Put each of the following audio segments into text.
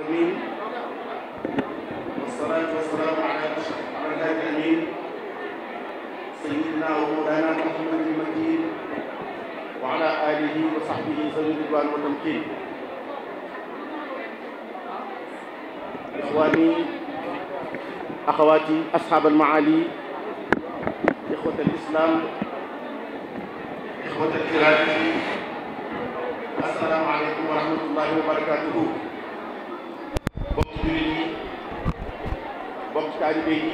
العالمين والصلاة والسلام على أشرف الهادي الأمين سيدنا ومولانا محمد المكين وعلى آله وصحبه ذوي الرضوان والتمكين إخواني أخواتي أصحاب المعالي إخوة الإسلام إخوة الكرام السلام عليكم ورحمة الله وبركاته bokk jullit yi bokk taalibe yi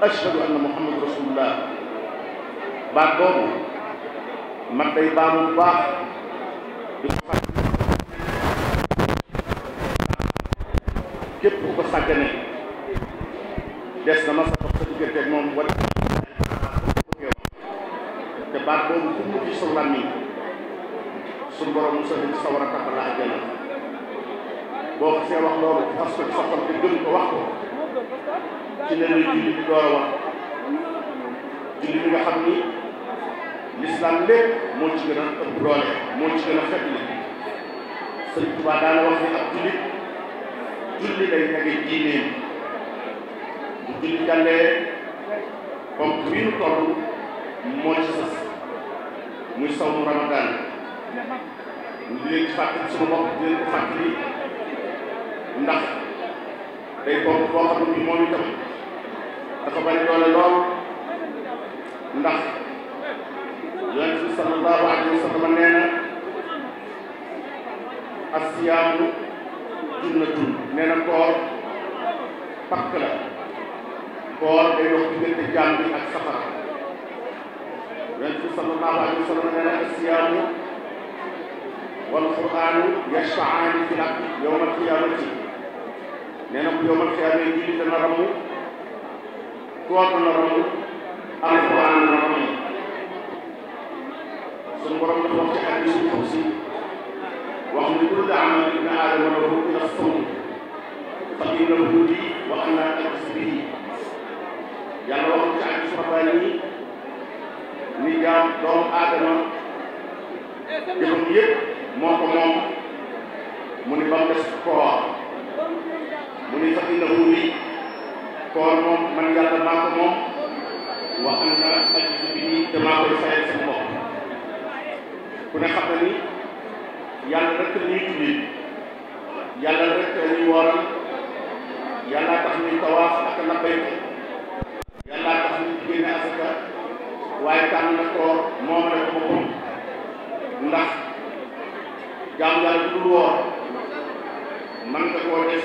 ashhadu anna muhammadu rasulullah baat boobu mag day baamu bu baax di ko fàttali képp ku ko sàggane des na ma sa dox sa diggante ak moom wala te baat boobu ku mu ci sa làmmiñ suñu borom mu sa sawar a tàmbali àjjana boo xasee wax loolu fas ko ci sa xol te gëm ko wax ci la la julli door a wax julli bi xam ni lislaam lépp moo ci gën a ëpp doole moo ci a fekk li sëñ Tuubaa daana wax ni ab jullit julli day tege diineem bu julli jàllee nu toll moo ci sës muy mu ramadaan ñu di leen fàttali sama bopp di leen ndax day pomp boo xam ne moom itam dafa bari doole lool ndax yonent bi sallallahu alayhi wa sallam nee na asiyaamu junnatun nee na koor pakk la koor day dox diggante jaam bi ak safara yonent bi sallallahu alayhi wa sallam nee na asiyaamu wal quraanu yashfa'aani fil abdi yawmal qiyaamati nee na bu yawmal qiyaamati dana ramu kooku la romb alxuraan la romb suñu borom dafa wax ci xadiis bu xudsi wax ni kullu amalin ibnu aadama lahu ila sawm fa innahu li wa ana ajzi wax ci xadiis rabbaani ni jaam doomu aadama jëfam yëpp moo ko moom mu ni ba mu des koor mu ni fa innahu koor moom man yàlla maa moom wax na aji bi nii te maa ku ne xam ni yàlla rek la wooral yàlla tax ñuy tawaaf ak yàlla tax ñuy génne asaka waaye tànn na koor moom rek boppam ndax jaam yàlla du woor man nga def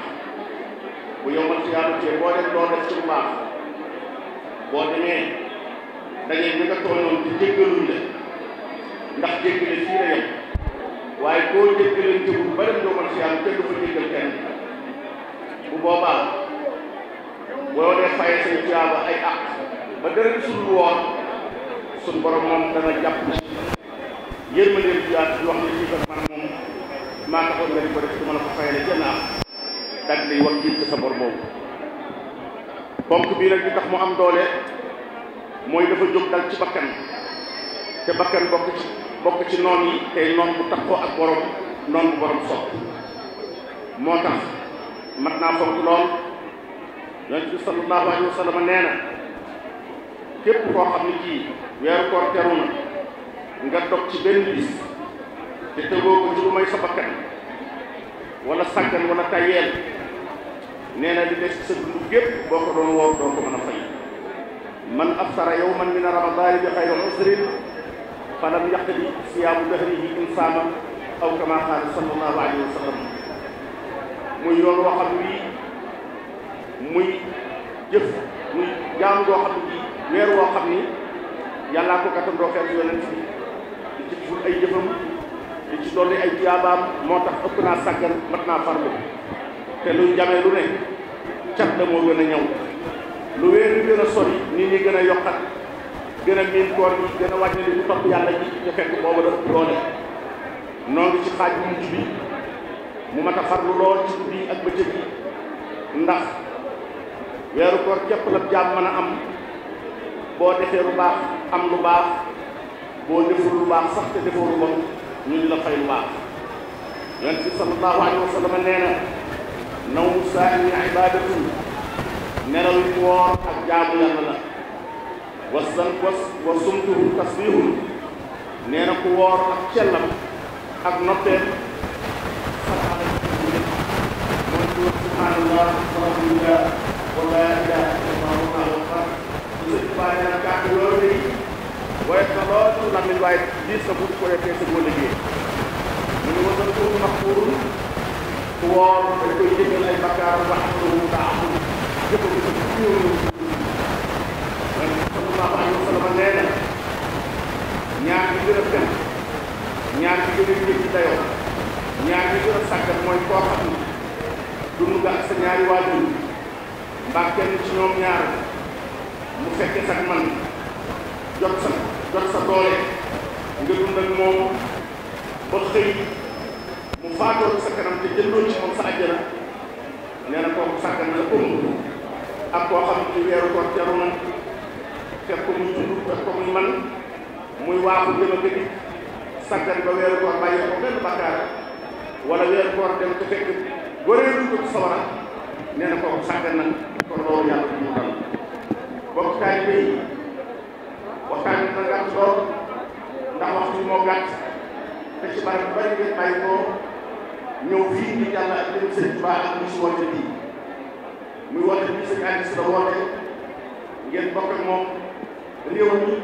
bu yombal xiyaamatee boo def loo def ci lu baax boo demee daje ñi nga tooñoon di jéggaluñ la ndax jéggale fii la yem waaye koo jéggaleen jëgul ba dem yombal xiyaam kenn du ko jéggal kenn bu boobaa boo dee faye say tuyaaba ay àq ba dara gisul woon suñ borom moom dana jàpp na yërmandeem tuyaat di wax ne fii kat man moom maa taxoon nga di ko def du la ko fayale jënn àq daal lay wax jiit sa bor bob ponk bi nak li tax mu am doole moy dafa jog dal ci bakkan te bakkan bok ci bok ci non yi te non bu taxoo ak borom non bu borom sopp motax matna mat lool nabi sallallahu alaihi wasallam neena nee ko xamni ci wer ko teruna nga tok ci benn bis te tegoo ko ci lu may sa bakkan wala sakkan wala tayel nee na li sa dund gep boko don doon don ko mën fay man aftara yawman min ramadan bi xayri usrin falam yaqdi siyam dahrihi insaaman aw kama qala sallallahu alaihi wasallam muy yoon wo xam wi muy jëf muy jaam go xam ni weer woo xam ni yàllaa ko katam do xel bi ci ci ful ay jëfam ci dolli ay tiyabam motax ëpp na sagal matna farlu te luñ jamee lu ne cat la moo gën a ñëw lu weer yu gën a sori nit ñi gën a yokkat gën a miin koor yi gën a wàññi li bu topp ji te fekk boobu dafa doole noo ngi ci xaaj bu mujj mu mat a farlu lool ci guddi yi ak bëccëg yi ndax weeru koor képp la jaam mën a am boo defee lu baax am lu baax boo deful lu baax sax te defoo lu bon ñu la lu baax yonent bi sallallahu alayhi wa sallam nee na nawmu saa'imi ibaadatun nelaw yu woor ak jaamu yàlla la wasan was wa sumtuhu tasbihun nee na ku woor ak cellam ak noppee mooy subhaanallah walhamdulillah wa laa ilaaha illallah wallaahu akbar suñ baa nee na kàddu loolu day waaye sa loolu lamin waaye diis sa bu ko defee sa boo liggéey mu ne wasan tuuru maxfuurun ku woor dañ koy jéggal ay bakkaar wax dëgg baax jëfandiku ci biir ñaar bi gën a ñaar bi gën a yëg ci dayoo ñaar bi gën a mooy koo xam ne dund nga sa ñaari waajur mbaa ci ñoom ñaar mu fekke sax man jot sa jot sa doole nga dund ak moom ba xëy. faatoon sa kanam te jëndoon ci moom sa àjjana nee na kooku sàkkan la ëmb ak koo xam ci weeru koor jaru na fekk ko muy dund fekk ko muy man muy waaxu jëm a gëdi sàkkan ba weeru koor bàyyi ko benn bakkaar wala weeru koor dem te fekk goree dund ko sawara nee na kooku sàkkan na loolu yàlla du ñu xam bokk taalibe yi waxtaan bi na gàtt lool ndax wax bi moo gàtt te ci barab bari ngeen bàyyi ko ñëw fii di yàlla ak dem sëñ Tuubaa ak bis woote bii muy woote bi sëñ Aliou si la woote ngeen bokk ak moom réew mi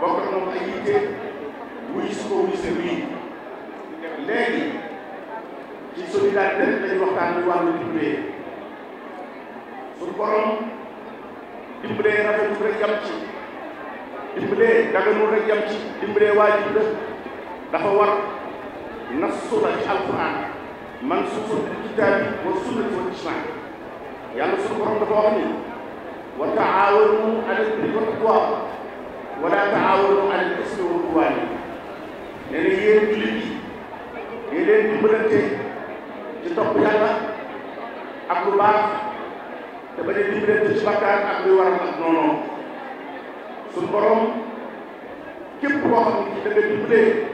bokk ak moom ay yitte wuyu si ko wuyu si wii léegi ci solidarité rek lañu waxtaan bi wàllu dimbalee suñu borom dimbalee rafetul rek yam ci dimbalee daganul rek yam ci dimbalee waajib la dafa war nas su la ci alquran man bil kitab wa sunnati wal ijmaa yàlla suñu borom dafa wax ni wa ta'awunu 'ala al birri wa taqwa ta'awunu 'ala al ismi wal udwaan nee na yéen jullit yi dee leen dimbalante ci topp yàlla ak lu baax te ba a dimbalante ci bakkar ak lu war ak nono suñu borom kep ko xamni ci da nga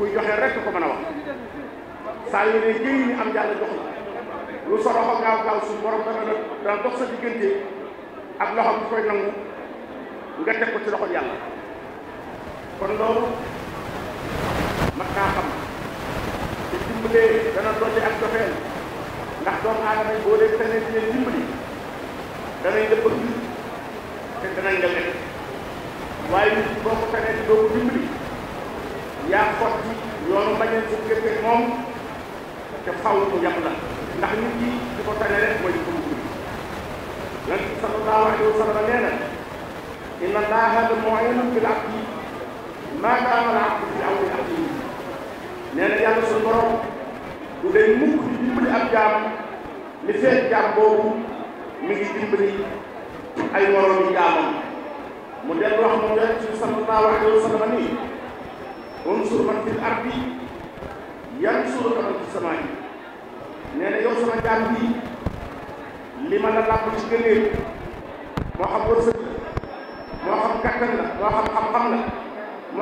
kuy joxe rek ko mën a wax saa yu ne jëriñ ni am yàlla jox la lu sa loxo gaaw gaaw su borom dana dana dox sa diggante ak loxo bu koy nangu nga ko si loxo yàlla kon loolu mat naa xam te dimbalee dana dolli ak dofeel ndax doomu aadama yi boo leen tane di leen dimbali danañ te danañ la lekk waaye nit boo ko tanee doo ko dimbali yaa ko ci yoonu bañal bu gëstoo moom te faw mu yàq la ndax nit ñi di ko tane rek mooy ko mu gën lan sallallahu alayhi wa sallam nee na inna allaha la mu'inun bil abdi maa kaana al abdu fi awli abdihi nee na yàlla suñu borom du day mukk di dimbali ab jaam li feet jaam boobu mi ngi dimbali ay moromi jaamam mu dellu wax moom rek ci sallallahu alayhi wa sallam nii unsur man fil ardi yansuruka min fis samaa'i nee na yow sama jaam bi li la làmb ci gëneel moo xam wërsëg la moo xam kàttan la moo xam xam-xam la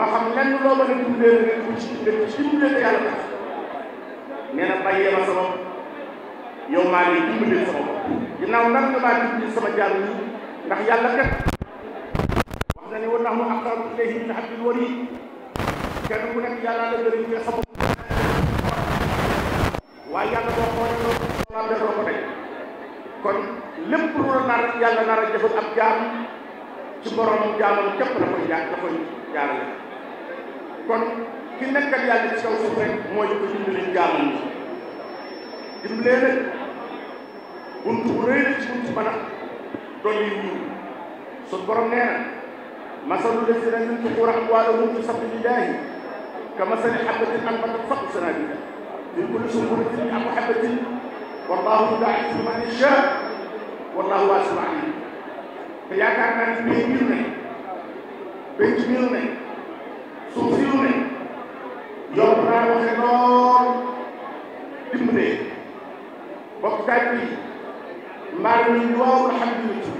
moo xam lenn loo mën a dundee nga ko ci nga ci dimbalee ko yàlla tax nee na bàyyee ma sama yow maa ngi dimbalee sama bopp ginnaaw nag nga maa dimbali sama jaam yi ndax kenn ku nekk yàlla la gërëm nga xamul waaye yàlla boo xoolee loolu maam defoo ko tey kon lépp lu la nar yàlla nar a jëfal ab jaam ci borom jaamam képp la koy jaar la koy jaarale kon ki yàlla ci kaw suuf rek mooy ko dimbali jaamam ñi dimbalee buntu bu rëy buntu mën a dolli yiw suñu borom nee na masalu lazina yunfiquna amwaalahum fi sabilillahi كما سنة حبة الآن قد تصق السنة دي من كل سنبول الدنيا محبة والله لا يسمع للشاء والله واسع عليه فيا كان بين ميلني بين ميلني سوسيلني يوم راه وخيرون دمني بوقت تاكي مارني لواو الحمد لله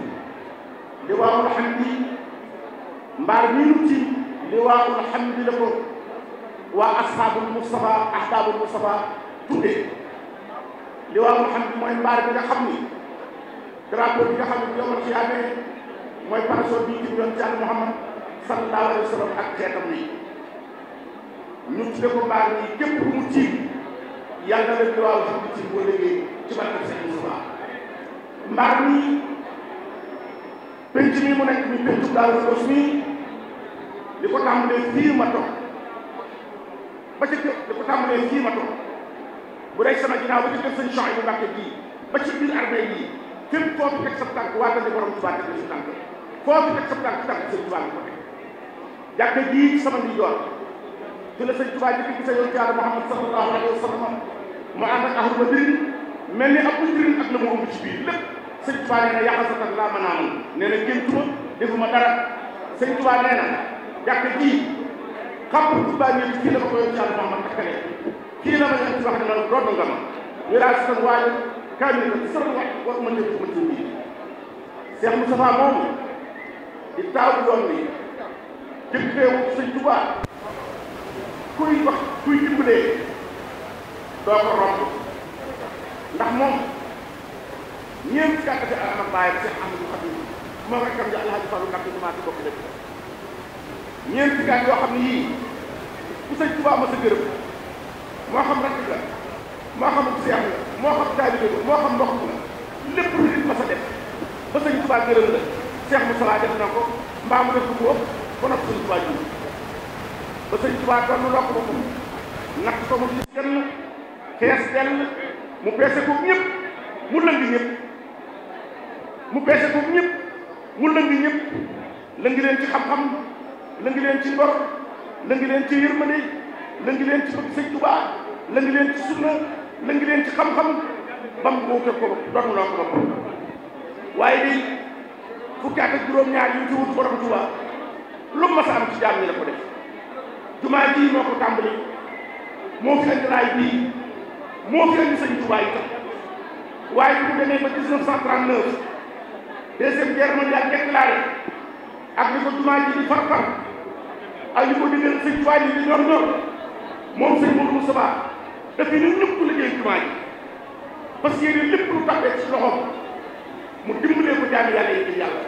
لواو الحمد لله مارني لواو الحمد لله waa asxaabul Mustafa ahbaabul Mustafa tuddee li waa Muhammad mooy mbaar bi nga ni drapeau bi nga xam ne yow ci amee mooy parasol bi ñu Muhammad sallallahu alayhi ak xeetam ni ñu tuddee ko mbaar ni képp ku mu tiim yàlla na li waa Muhammad ci boo léegi ci barke seen Mustafa mbaar mi penc mu nekk mi pencu Daaru Xudoos mi li ko tàmbalee fii ma toog ba ca kër da ko tàmbalee fii ma toog bu sama ginnaaw ba ca kër sëñ Chouaïbou Mbacké bii ba ci biir armée yi képp koo fi teg sa tànk waa dañu borom Tuubaa teg na ko teg jii sama ndijoor ci la sëñ Tuubaa jëkk gisa yoon jaara Muhammad sallallahu alayhi wa sallam mu ànd ak ahlu badrin mel ni ab badrin ak la mu ëmb ci biir lépp sëñ Tuubaa nee na yaxasatan laa mën a mën nee na géntuma defuma dara sëñ Tuubaa nee na jàkka jii xam ci baa ñëw kii la ma ko yoon ci àll ma takkale kii la ma ñëw ci wax ne man doon nga ma ñu daal si seen waay kaamil la sama wax wax ma nekk ma ci bii Cheikh Moustapha moomu di taawu yoon bi jëkkee wu sëñ Tuubaa kuy wax kuy dimbalee doo ko romb ndax moom ñeent ci àkkati ak am bàyyi Cheikh Amadou Khadim moom rek kam ji Alhaji Fallou Khadim maa ci bokk lépp ñeent fukki at yoo xam ne yii ku sëñ Tuubaa ma sa gërëm moo xam rakk la moo xam seex la moo xam taalibe la moo xam ndox la lépp lu nit ma sa def ba sëñ Tuubaa gërëm la seex mu salaa def na ko mbaa mu def ko ko sëñ Tuubaa jiw ba sëñ Tuubaa doon na lokk ba ko natt ko mu gis kenn xees dell mu peese ko ñëpp mu lëng ñëpp mu peese ko ñëpp mu lëng ñëpp lëng leen ci xam-xam lëngi leen ci mbor lëngi ci yërmande lëngi leen ci bëgg sëñ Tuubaa lëngi leen ci sunna lëngi leen ci xam-xam ba mu wuute ko doon na ko waaye day fukki at ak juróom-ñaar yi ci wutu borom Tuubaa lu mas a am ci jaam ñi la ko def jumaa ji moo ko tàmbali moo fi indi laay bii moo fi indi sëñ Tuubaa yi tax waaye bu ñu demee ba 1939 deuxième guerre mondiale déclaré li ko jumaa ji ak li ko digal sëñ Tuubaa yi di doon doon moom sëñ Modou Moustapha dafay ne ñëpp liggéey jumaa yi parce que yéen lépp lu taxee ci loxoom mu dimbalee ko jaami yàlla yi ngir yàlla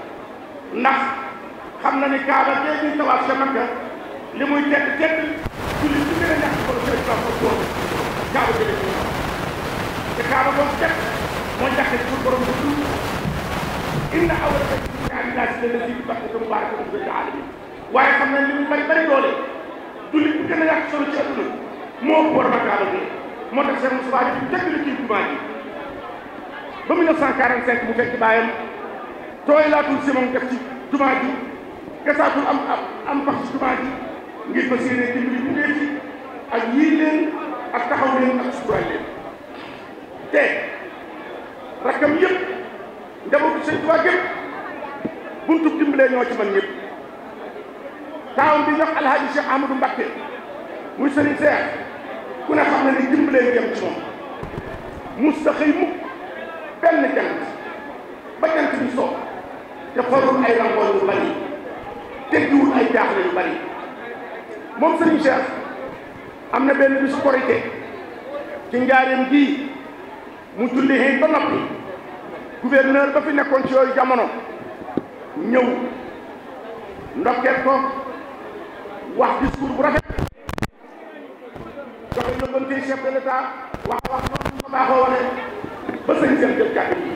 ndax xam na ni kaaba tey ñuy tawaat ca Makka li muy tedd tedd julli ci gën a ñàkk solo sëñ Tuubaa ko doon kaaba jële ci te kaaba boobu teg moo ñàkk ci borom bu dul inna awwala baytin wudi'a lin-naasi lalladhii bi Bakkata mubaarakam hudan lil-'aalamiin waaye xam nañ li mu bari bari doole jullit bu gën a yàq solo ci adduna moo war bakkaala bi moo tax Cheikh Moussa bi tëgg li kii jumaa ji ba 1945 mu fekk bàyyam tooy laatul si moom def ci jumaa ji gasaatul am am pax ci ngir fa séenee dimbali bu dee ci ak yii leen ak taxaw leen ak suturaay leen te rakkam yëpp njabootu sëñ Tuubaa buntu dimbalee ñoo ci man ñëpp taawam bi jox alhaaji Cheikh Amadou Mbacké muy sëriñ Seex ku ne xam ne ni dimbalee nga jëm ci moom mus benn jant ba jant bi soo te xoolul ay rangoon yu bari teggiwul ay jaaxle bari moom sëriñ Cheikh am na benn bisu korite ci njaareem mu julli xëy ba noppi gouverneur ba fi nekkoon ci yooyu jamono ñëw ndokkeel ko wax discours bu rafet joxe yóbbante chef de l'état wax wax noonu ko baaxoo wane ba sëñ Cheikh jël kàddu yi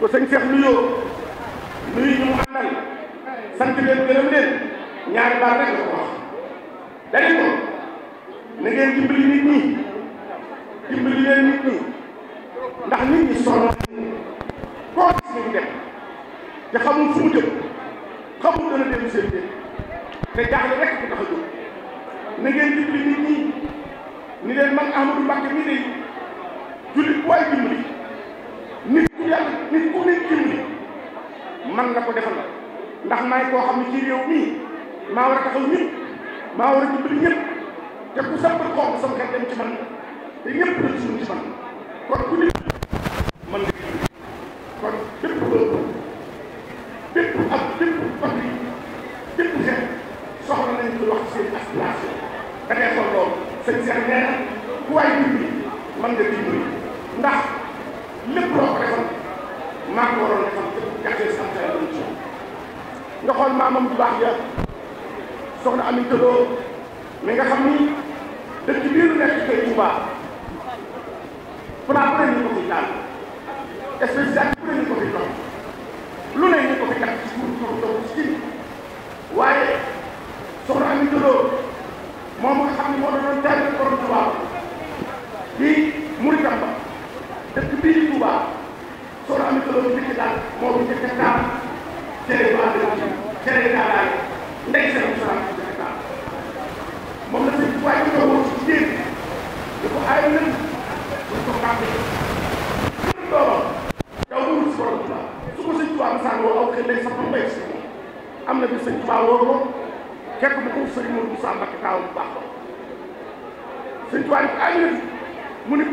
ko sëñ Cheikh nuyoo nuyu ñu mu sant leen gërëm leen ñaari baat rek ko wax dañu ko na ngeen dimbali nit ñi dimbali leen nit ñi ndax nit ñi ñu te xamul fu mu jëm xamul dana dem seen te jaaxle rek ko tax a jóg na ngeen dimbali nit ñi ni leen man Amadou Mbacke mii day jullit waay dimbali nit ku yàlla nit ku nit dimbali man la ko defal ndax maay koo xam ni ci réew mii maa war a taxaw ñëpp maa war a dimbali man te ñëpp dañ kon ku nit man ak bépp seen assurance da ngay xool loolu sëñ Seex nee na ku waay dimbali mën nga dimbali ndax lépp loo ko defoon maa ko waroon defal jaxee sant la nga xool maamam bu baax ja soxna Ami Tëloo mi nga xam ni dëkk bii lu nekk tey Touba plan bu ne ñu ko fi daal spécial bu ne ko fi jox lu ne ñu ko fi jox ci suuf suuf ci waaye. soxna Ami Dodo moom nga xam ne moo doon teel borom Tuubaa di Muritamba dëkk bii di Tuubaa soxna Ami Dodo bi ci daal moo fi njëkk a taal jërëjëf Aliou jërëjëf Aliou ndey sa suñu tubaab yi mu ne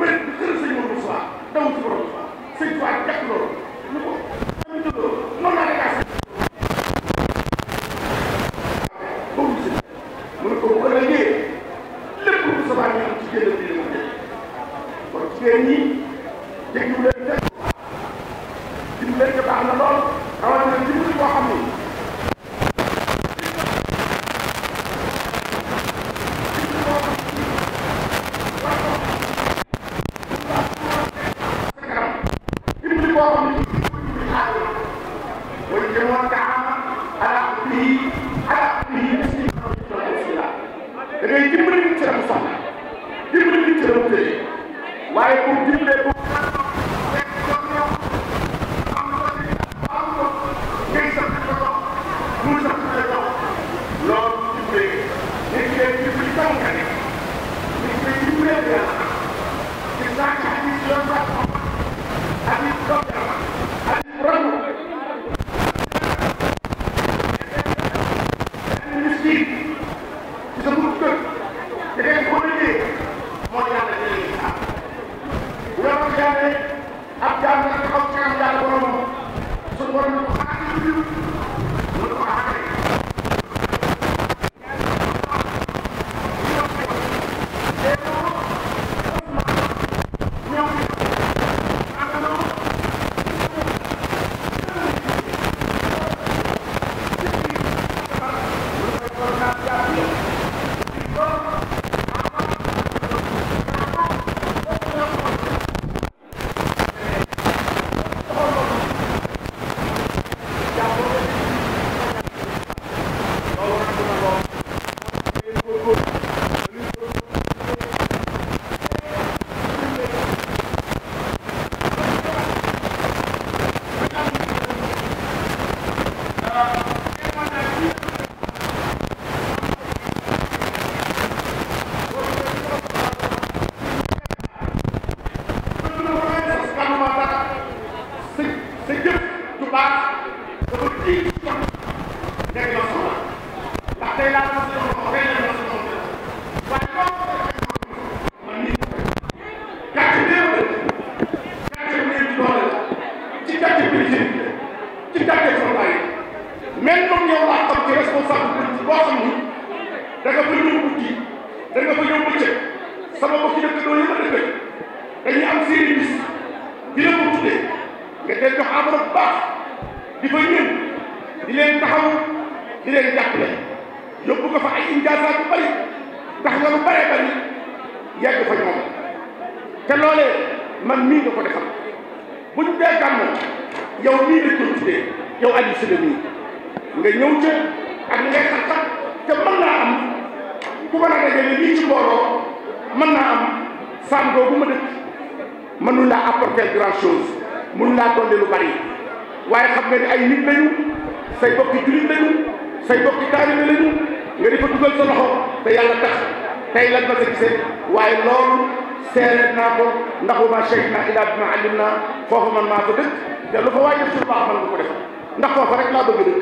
ndax foofa rek laa bëgg dëkk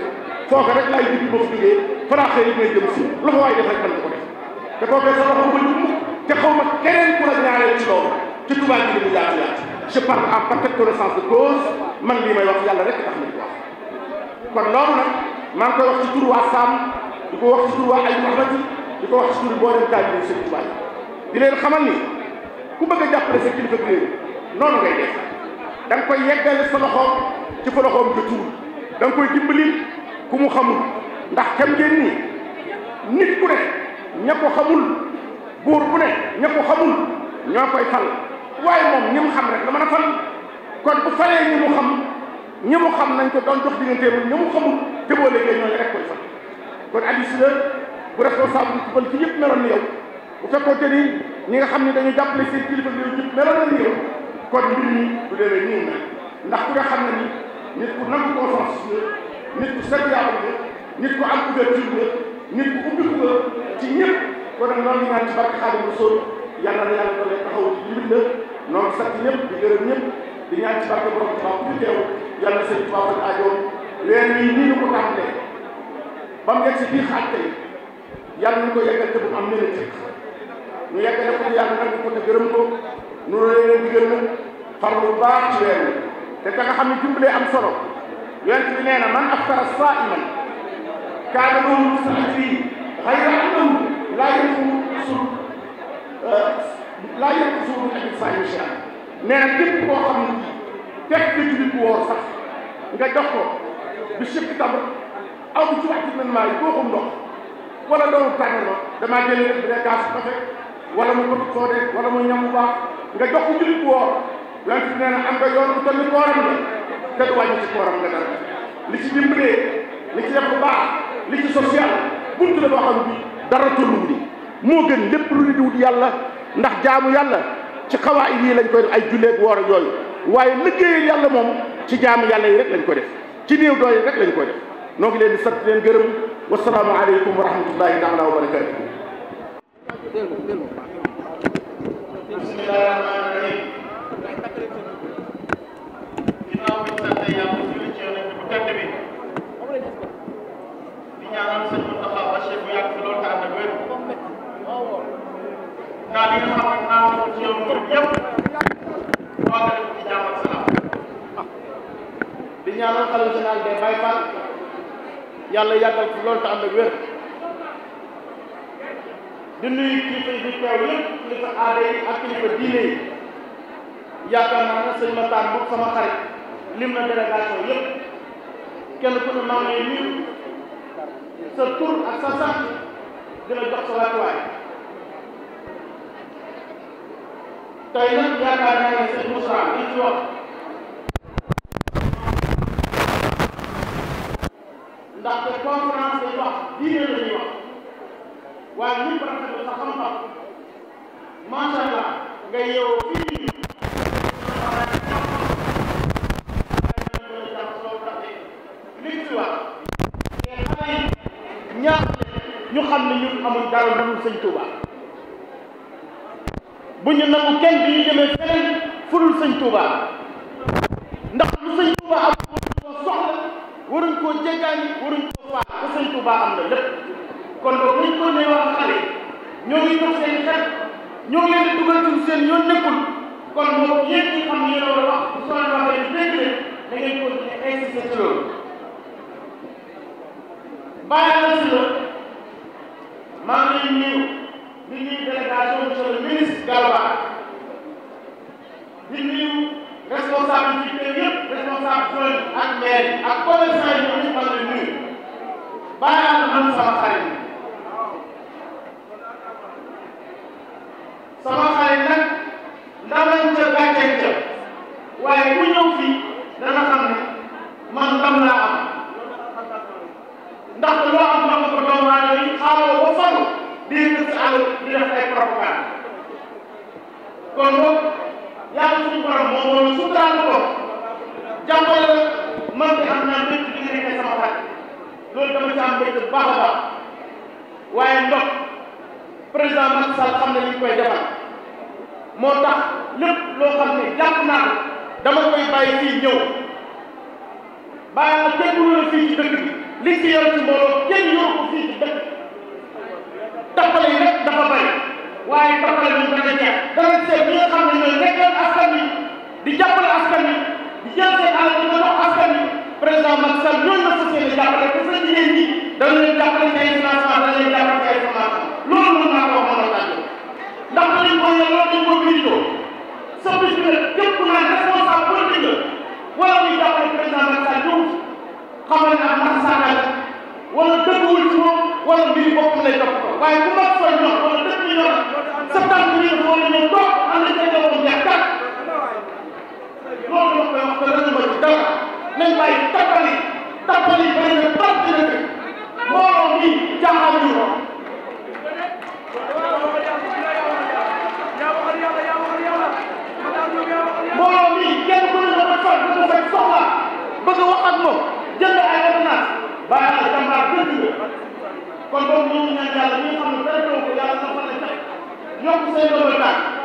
foofa rek laay jubbi ba fu jógee français yi may jëm si lu fa waay def rek def te foofee sa loxo ba jubbu te xaw ma ku la ñaareel ci loolu ci tubaab bi mu yaatu yaatu je parle en parfaite connaissance de cause man lii may wax yàlla rek tax nañ ko wax kon loolu nag maa ngi koy wax ci tur waa Sam di ko wax ci tur waa ay Mouhamadi di ko wax ci tur boo dem taaj bi seen tubaab di leen xamal ni ku bëgg a sa kilifa noonu ngay da nga koy yeggale sa ci fa loxoom nga da nga koy ku mu xamul ndax xam ngeen ni nit ku ne ña ko xamul buur bu ne ña ko xamul ñoo koy fal waaye moom ñi mu xam rek la mën a kon bu falee ñi mu xam ñi mu xam nañ ko doon jox digganteelu ñi mu xamul te boo léegi ñooñu rek koy fal kon addis bu responsable bi fubal ci yëpp meloon ni yow ni ñi nga xam ne dañu jàppale seen kilifa bi yow yëpp meloon na ni yow kon mbir mi du demee nii na ndax ku nga xam ne ni nit ku nangu consensus la nit ku set nit ku am ouverture la nit ku ubbi la ci ñëpp kon nag noonu ñaan ci barke Xaadimu Rasuul yàlla na yàlla doole taxaw ci limit la noonu sant ñëpp di gërëm ñëpp di ñaan ci barke borom Tuubaa ku teew yàlla sëñ Tuubaa ak aajoom weer wi nii ñu ko tàmbalee ba mu yegg si biir xaaj tey yàlla ñu ko yeggal te bu am mérite ñu yeggale ko yàlla nangu ko te gërëm ko nu leen di gërëm farlu baax ci weer te da nga xam ne dimbalee am solo yonent bi nee na man aftara saa'iman kaana lahu fii xayra annahu laa yanqusu laa yanqusu min ajri saa'imi shay'an nee na képp koo xam ne teg nga jullit bu woor sax nga jox ko bi sikki tamr aw bi ci waxtu man maay boo xam ndox doomu tànn damaa jëlee bi ne gaas mu ko soodee wala mu ñam baax nga jox ko jullit bu yonent bi am nga yoon bu toll ni kooram la te du wàññi ci kooram nga dara li ci dimbalee li ci def lu baax li ci social bunt la boo xam bi dara tollu ni moo gën lépp lu ni di wut yàlla ndax jaamu yàlla ci xawaa yii lañ koy def ay julleeg woor ak yooyu waaye liggéeyal yàlla moom ci jaamu yàlla yi rek lañ ko def ci néew doole rek lañ ko def noo leen di sant leen gërëm wasalaamu aleykum wa rahmatullahi taala wa barakatuh sante yàlla julli ci yonent bu tedd bi di ñaanal sëñ Mountakha Bachir bu yàgg fi loolu te ànd ak wér naa li nga xam ne naa ko ci yoon murid yëpp waagale ko ci jàmm ak salaam di ñaanal xale général des Baye Fall yàlla yàggal fi loolu te ànd ak wér di nuyu kilifa yi teew yëpp kilifa aada yi ak kilifa diine yi yaakaar naa ne sëñ Matar Mboup sama xarit lim na délégation yëpp kenn ku ne maa ngi lay sa tur ak sa sant dina jox sa wàccuwaay tey nag yaakaar naa ne seen Moussa li ci wax ndaxte conférence yi wax diine la ñuy wax waaye ñëpp rafetlu sa xam-xam macha allah nga yeewoo fii Tuubaa mais xale yi ñaax leen ñu xam ne ñun amul dara lu dul sëñ Tuubaa bu ñu nangu kenn bi ñu demee feneen furul sëñ Tuubaa ndax lu sëñ Tuubaa am waruñ koo soxla waruñ koo jéggaani waruñ koo faat te sëñ Tuubaa am na lépp kon donc liñ ko nee wax xale ñoo ngi dox seen xel ñoo ngi leen di dugal suñ seen yoon nekkul kon moom yéen ñi xam ne yéen a war a wax bu soxla waxee ni dégg leen da ngeen ko insister ci loolu Baye Alla Sylla maa ngi nuyu di nuyu délégation monsieur le ministre Galba di nuyu responsable yi fi yëpp responsable zone ak maire ak commerçant yi ñu mën a nuyu Baye Alla man sama xarit sama xarit nag ndamañ ca gàcceeg ca waaye ku ñëw fii dana xam ne man ndam laa ndax loo am na ko doomu aadama yi xaaral ba faru di yëkkat sa alal di def ay kon boog yàlla suñu borom moom moo la suturaal ko jàppale loolu dama ci am mbégte bu baax a baax waaye ndox président Macky xam ne li koy defal moo tax lépp loo xam ne jàpp naa dama koy bàyyi fii ñëw. maanaam kenn mënu la fii ci li ci yor ci mbooloo kenn yoru ko fii ci dëkk tappale waaye tappale nga xam ne ñooy nekkal askan wi di jàppale askan wi di jël seen àll di ko jox askan wi président Macky Sall ñooñu la fas yéene jàppale parce que jigéen ñi dañu leen jàppale ci ay financement dañu mën naa ko mën a tàggu ndax dañu ko yelloo dañu ko gëjoo sa bis bi képp ku naan responsable politique la wala muy jàppale président Macky Sall xamal ne am nax saanal wala dëgguwul ci moom wala mbiri boppam lay topp ko waaye bu mag sooy ñor wala dëgg ñu ñor sa tànk ñu def wala ñëw toog am na cee boppam jeex tàkk loolu wax koy wax te dana ma ci dara nañ yokk seen doole tàkk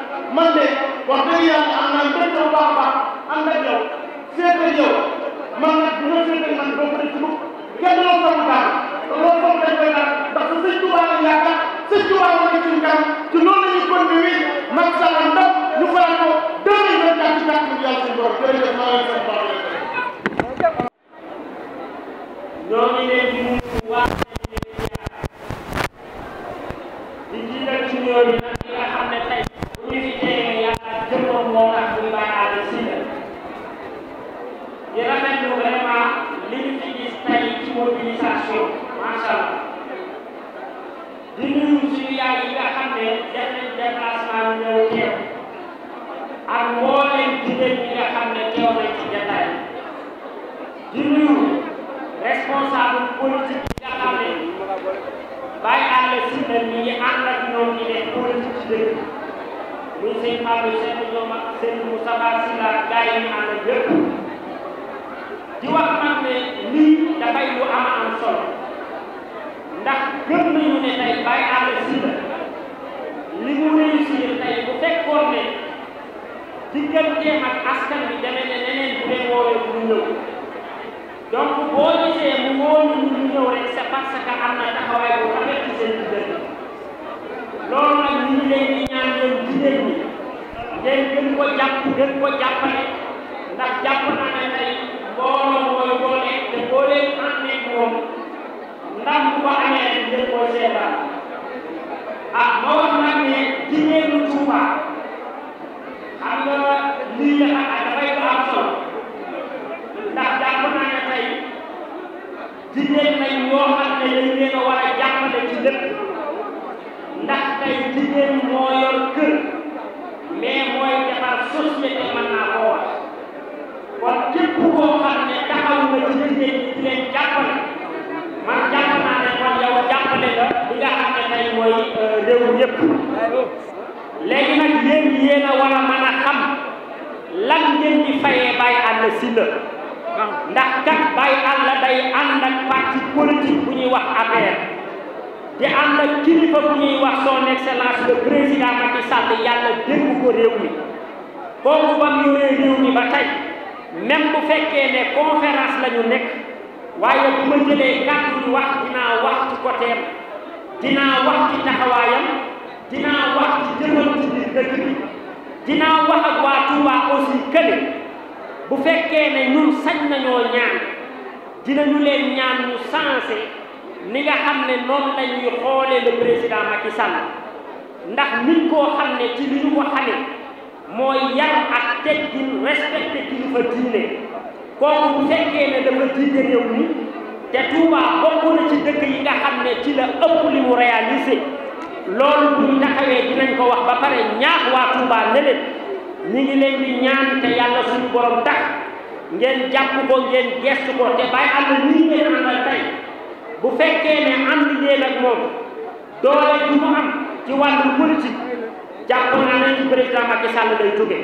leen ñaan ñu sensé ni nga xam ne noonu la ñuy xoolee le président Macky Sall ndax nit koo xam ne ci li ñu ko xamee mooy yar ak teggin respecté kilifa diine kooku bu fekkee ne dafa jiite réew mi te Touba bokk na ci dëkk yi nga xam ne ci la ëpp li mu réalisé loolu buñ taxawee dinañ ko wax ba pare ñaax waa Touba ne ñi ngi leen di ñaan te yàlla suñu borom tax ngeen jàpp ko ngeen gestu ko te bàyyi ànd nii ngeen àndal tey bu fekkee ne ànd ngeen ak moom doole ju mu am ci wàllu politique jàpp naa ne ci président Macky Sall lay jóge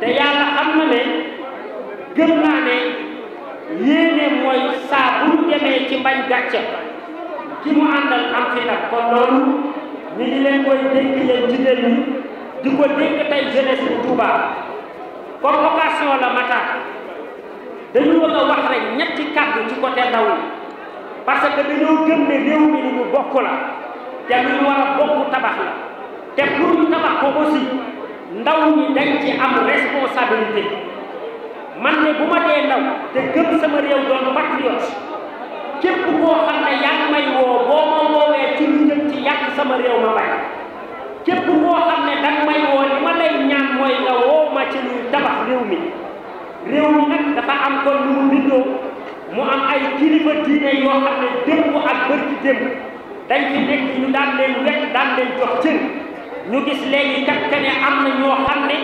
te yàlla xam na ne gëm naa ne yéene mooy saa bu ñu demee ci mbañ gàcce ki mu am fi nag kon loolu koy dénk leen di ko dénk tey jeunesse bu Touba comme occasion dañu bëgg a ñetti kàddu ci côté ndaw yi parce que dañoo gëm ne réew mi ni ñu bokk la te lu ñu a bokk tabax te pour ñu tabax ko aussi ndaw ñi dañ ci am responsabilité man ne bu ma ndaw te gëm sama réew doon patriote képp koo xam ne yaa may woo boo ma woowee ci lu jëm ci yàq sama réew ma bay képp xam ne danga may woo li ma lay ñaan mooy nga woo ma ci luy tabax réew mi réew mi nag dafa am kon lu mu bindoo mu am ay kilifa diine yoo xam ne démb ak bërki dañ ci nekk ñu daan leen wekk daan leen jox cër ñu gis léegi kat ka ne am na ñoo xam ne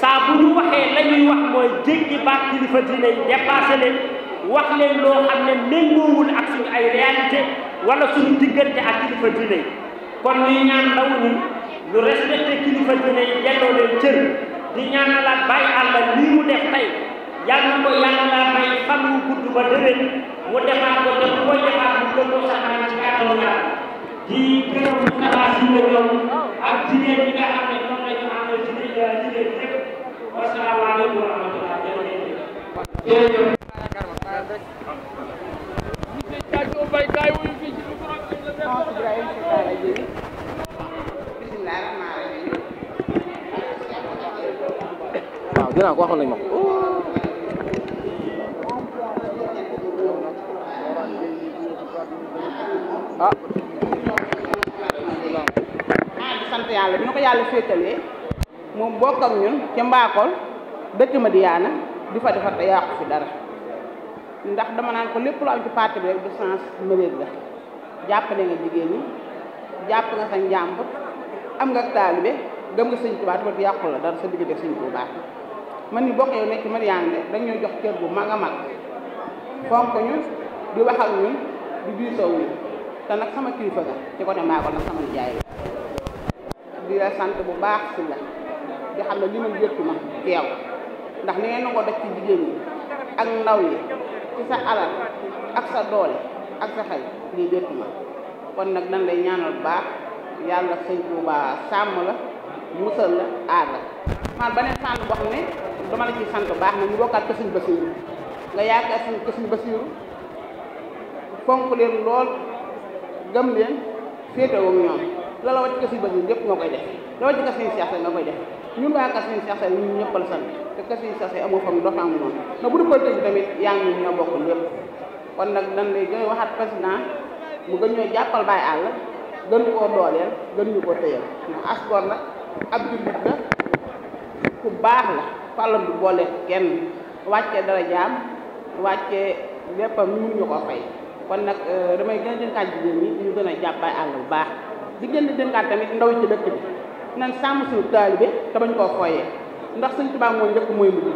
saa ñu waxee la wax mooy jéggi baat kilifa diine yi dépassé leen wax leen loo xam ne méngoowul ak suñu ay réalité wala suñu diggante ak kilifa diine yi kon ñuy ñaan ndaw ñi ñu respecté kilifa diine yi leen cër di ñaanalaat bàyyi àlla lii mu def tey yàlla na ko yàlla may fan wu gudd ba déwén mu defaat ko te bu koy defaat mu gën ko saxal ci kàddoom yàlla di gërëm xalaat si la ñoom ak jigéen ñi nga xam ne ñoom la ñu àndal ci jigéen jigéen ñëpp wasalaamaaleykum wa rahmatulah jërëjëf waaw dinaa ko waxoon nañ ma ko Ah. ah di sant Madiyana di fa defar te yàqu fi dara ndax dama naan ko lépp lu am ci parti bi rek du sens mëneeg la jàppale nga jigéen ñi jàpp nga sa njàmbur am nga taalibe gëm nga sëñ Tuubaa te yàqul la dara sa digg def sëñ Tuubaa man ni bokk yow nekk ci de dañ ñoo jox bu mag a mag fonk di wax ak di diisoo ñun te nag sama kilifa ga ci ko ne maa sama nijaay di la sant bu baax si la di ne li ma jëkku ma ci ndax ni ngeen na ko def ci jigéen ak ndaw yi ci sa alal ak sa doole ak sa xel lii jëkku ma kon nag dañ lay ñaanal baax yàlla bu Tuuba sàmm la musal la aar la man beneen sant boo xam ne dama la ciy sant baax na ñu bokkaat ko suñ Basiiru nga yaakaar suñ ko Basiiru fonk leen lool gëm leen féetewoo ak la la wàcc kasi bëgg lépp nga koy def la wacc kasi Cheikh Seye nga def ñun nga kasi Cheikh Seye ñun ñëpp la te kasi Cheikh Seye amu fam doo fa na bu du politique tamit yaang ñu na bokku lépp kon nak dañ lay gëy waxat president mu gën ñoy jappal bay Àll gën ko dolel gën ñu ko teyel na asgoor la abdul jullit ku baax la fàllam du bolé kenn wàcce dara jaam wàcce leppam ñu ñu ko fay kon nag euh, damay gën a dénkaat jigéen ñi ñu gën a jàpp bàyyi àll bu baax di gën di dénkaat tamit ndaw ci dëkk bi nan sàmm suñu taalibe te bañ koo fooyee ndax suñ tubaab mooy njëkk mooy mujj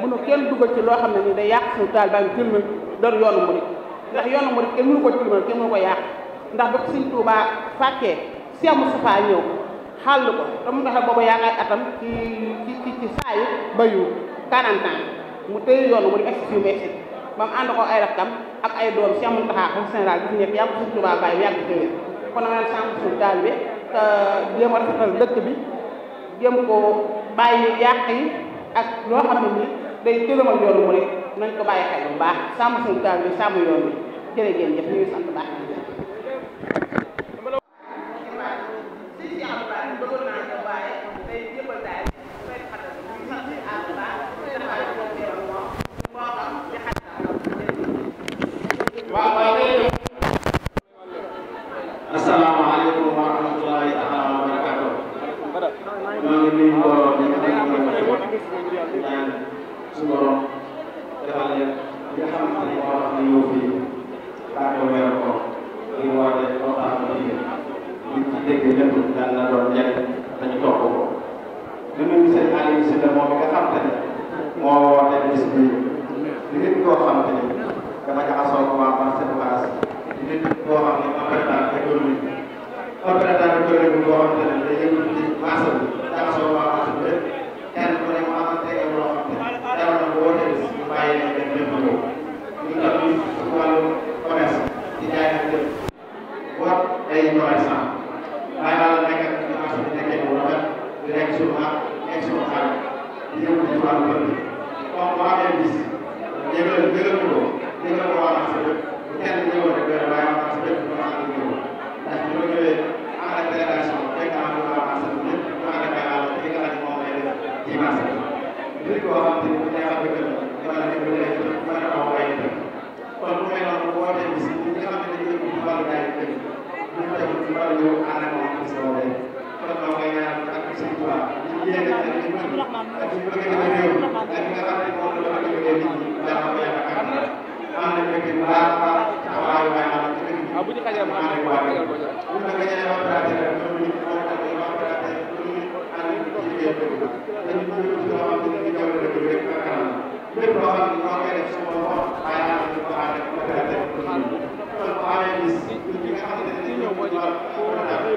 mënu kenn dugal ci loo xam ne ni day yàq ba jëlmal dor yoonu murit ndax yoonu murit kenn mënu ko jëlmal kenn mënu ko yàq ndax ba suñ tuubaa fàkkee Seex Mustafaa ñëw xàll ko te mu nga xam booba yaa ngay atam ci ci ci saayu bayu 40 ans mu téye yoonu murit agsi fii mu ba mu ànd ko ay rakkam ak ay doom Cheikh Mountakha xalifa général bi fi nekk yàlla ko suñ Tuubaa bàyyi yàgg ci wér kon na leen sàmm suñ taal bi te a rafetal dëkk bi jéem ko bàyyi yàq yoonu mu rek nañ ko bàyyi xel bu baax sàmm suñ taal bi sàmm yoon bi jëf ñu ngi sant baax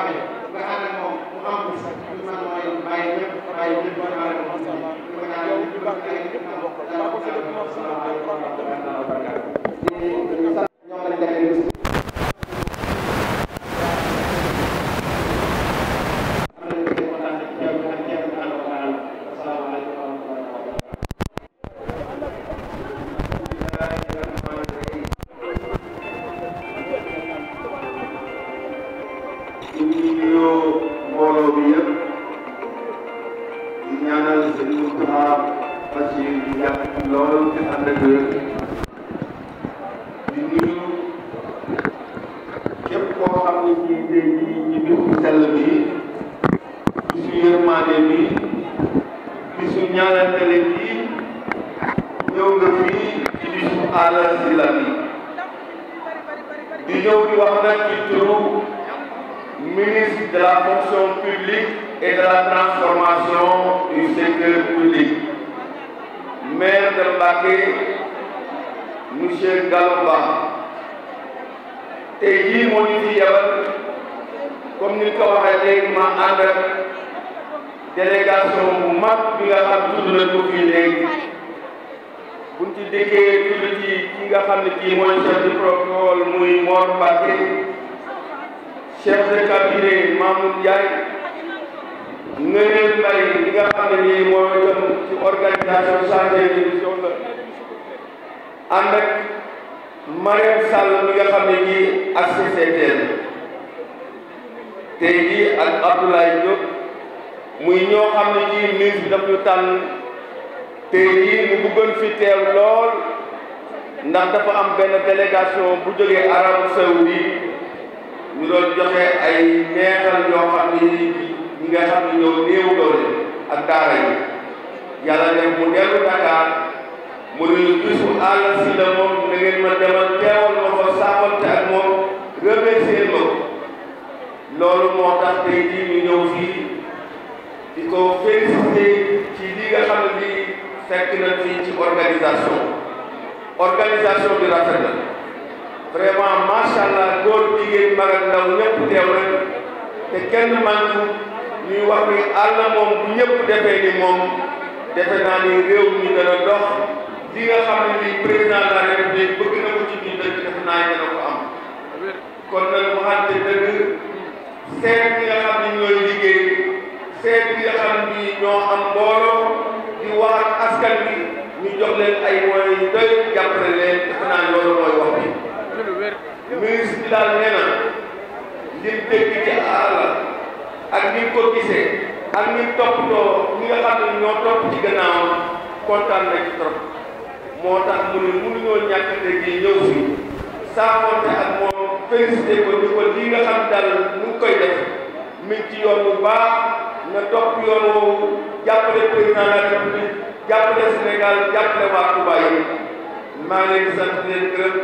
amee nga ànd ak moom mu am lu sax li man mooy bàyyi ñëpp bàyyi ñëpp ba pare moom ñu ko ñaanal ñu ko ñaanal ñu ko ñaanal sëriñ Moustapha Bachir di yàgg lool te ànd ak wér di nuyu képp koo xam ne ci tey jii ci bis bu sell bi bisu yërmande bi bisu ñaanantale bi ñëw nga fii ci bisu àll si la bi di ñëw di wax nag ci turu ministre de la fonction publique et de la transformation du secteur public. Maire de Mbaké, M. Galoba, tey jii moo mon fi yabal comme ni ko waxee léegi ma ànd délégation bu mag bi nga xam tudd na ko fii léegi buñ ci déggee tudd ci ki nga xam ne kii mooy chef de protocole muy Mor Mbacké chef de cabinet Mamoun Ndiaye nga leen may li nga xam ne nii moo jëm ci organisation santé yi ànd ak Mariam Sall mi nga xam ne nii ak CCTL tey jii ak Abdoulaye Diop muy ñoo xam ne nii ministre bi daf ñu tànn tey jii mu bëggoon fi teew lool ndax dafa am benn délégation bu jógee Arabie Saoudite ñu doon joxe ay neexal ñoo xam ne ñi nga xam ne ñoo néew doole ak daara yi yàlla ne mu dellu Dakar mu ne bisu àll si la moom na ngeen ma demal teewal ma fa saafante ak moom remercier ma loolu moo tax tey jii ñu ñëw fii di ko félicité ci li nga xam ne lii fekk na fii ci organisation organisation ma rafet na vraiment macha allah góor jigéen mag ak ndaw ñëpp teew rek wax ni àll moom ni moom defe naa ni réew mi dana dox li nga xam ne ni président de la république bëgg na ko ci nag waxante dëgg ni ñooy liggéey seet bi nga xam ni di wax ak askan bi ñu jox leen ay doy jàppale leen defe naa loolu mooy wax bi ministre bi nee na lim dëkk ci àll ak ni ko gisee ak ni nga xam ne ñoo topp ci gannaawam kontaan nañ moo tax mu ne mënuñoo ñàkk a dégg ñëw si saafonte ak moom félicité ko ni ko xam daal mu koy def mi ngi ci yoon bu baax na topp yoon woowu jàppale président de la république jàppale Sénégal jàppale waa Touba yi maa ngi leen sant leen gërëm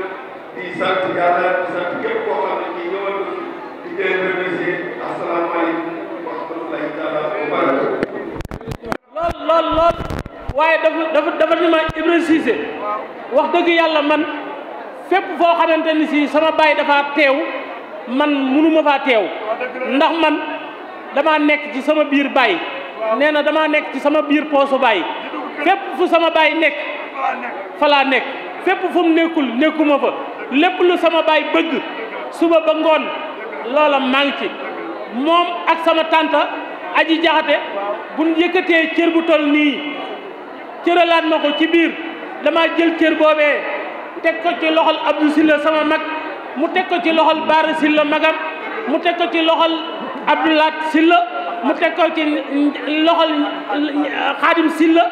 xam ne kii ñëwal na fi di leen remercier asalaamaaleykum lool lool lool waaye dafa dafa dafa ni ma Ibrahima wax dëgg yàlla man fépp foo xamante ni si sama baay dafa teew man mënuma faa teew ndax man damaa nekk ci sama biir baay nee na damaa nekk ci sama biir poosu baay fépp fu sama baay nekk fa laa nekk fépp fu nekkul nekkuma fa lépp lu sama baay bëgg suba ba ngoon loola maa ci moom ak sama tànta aji jaxate bu ñu yëkkatee cër bu toll ni cëralaat nako ci biir dama jël cër boobee tek ko ci loxol Abdou sille sama mag mu tek ko ci loxol bar sille magam mu tek ko ci loxol Abdoulaat sille mu tek ko ci loxol khadim sille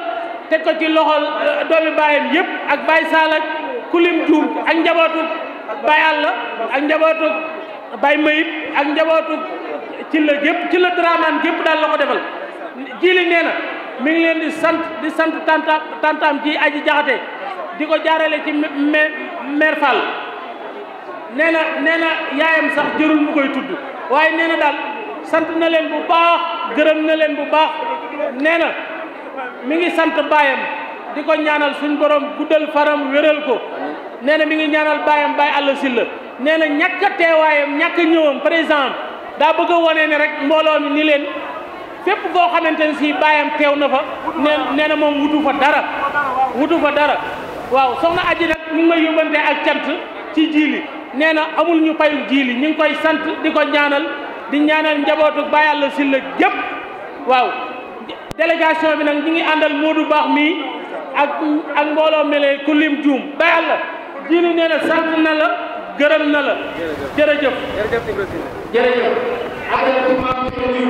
tek ko ci loxol doomi bayam yépp ak bay Salak kulim juum ak njabootu bay allah ak njabootu bay Mayib ak njabootu ci la gépp ci la draman gépp daal la ko defal ji li nee na mi ngi leen di sant di sant tantam tantam ji aji jaxate di ko jaarale ci mère Fall nee na nee na yaayam sax jërul mu koy tudd waaye nee na daal sant na leen bu baax gërëm na leen bu baax nee na mi ngi sant baayam di ko ñaanal suñ borom guddal faram wéral ko nee na mi ngi ñaanal baayam Baye Alla Sylla nee na ñàkk teewaayam ñàkk a ñëwam président daa bëgg a rek mbooloo mi ni leen fépp boo xamante ne si baayam teew na fa ne nee na moom wutu fa dara wutu fa dara waaw soxna aji nag ñu ngi may ak cant ci jiili nee na amul ñu payu jiili ñu ngi koy sant di ko ñaanal di ñaanal njabootu ba si la jëpp waaw délégation bi nag ñu ngi àndal Modou Baax mii ak ak mbooloo mele ku lim juum ba yàlla jiili nee na sant na la gërëm na la jërëjëf jërëjëf jërëjëf arrêtement ñu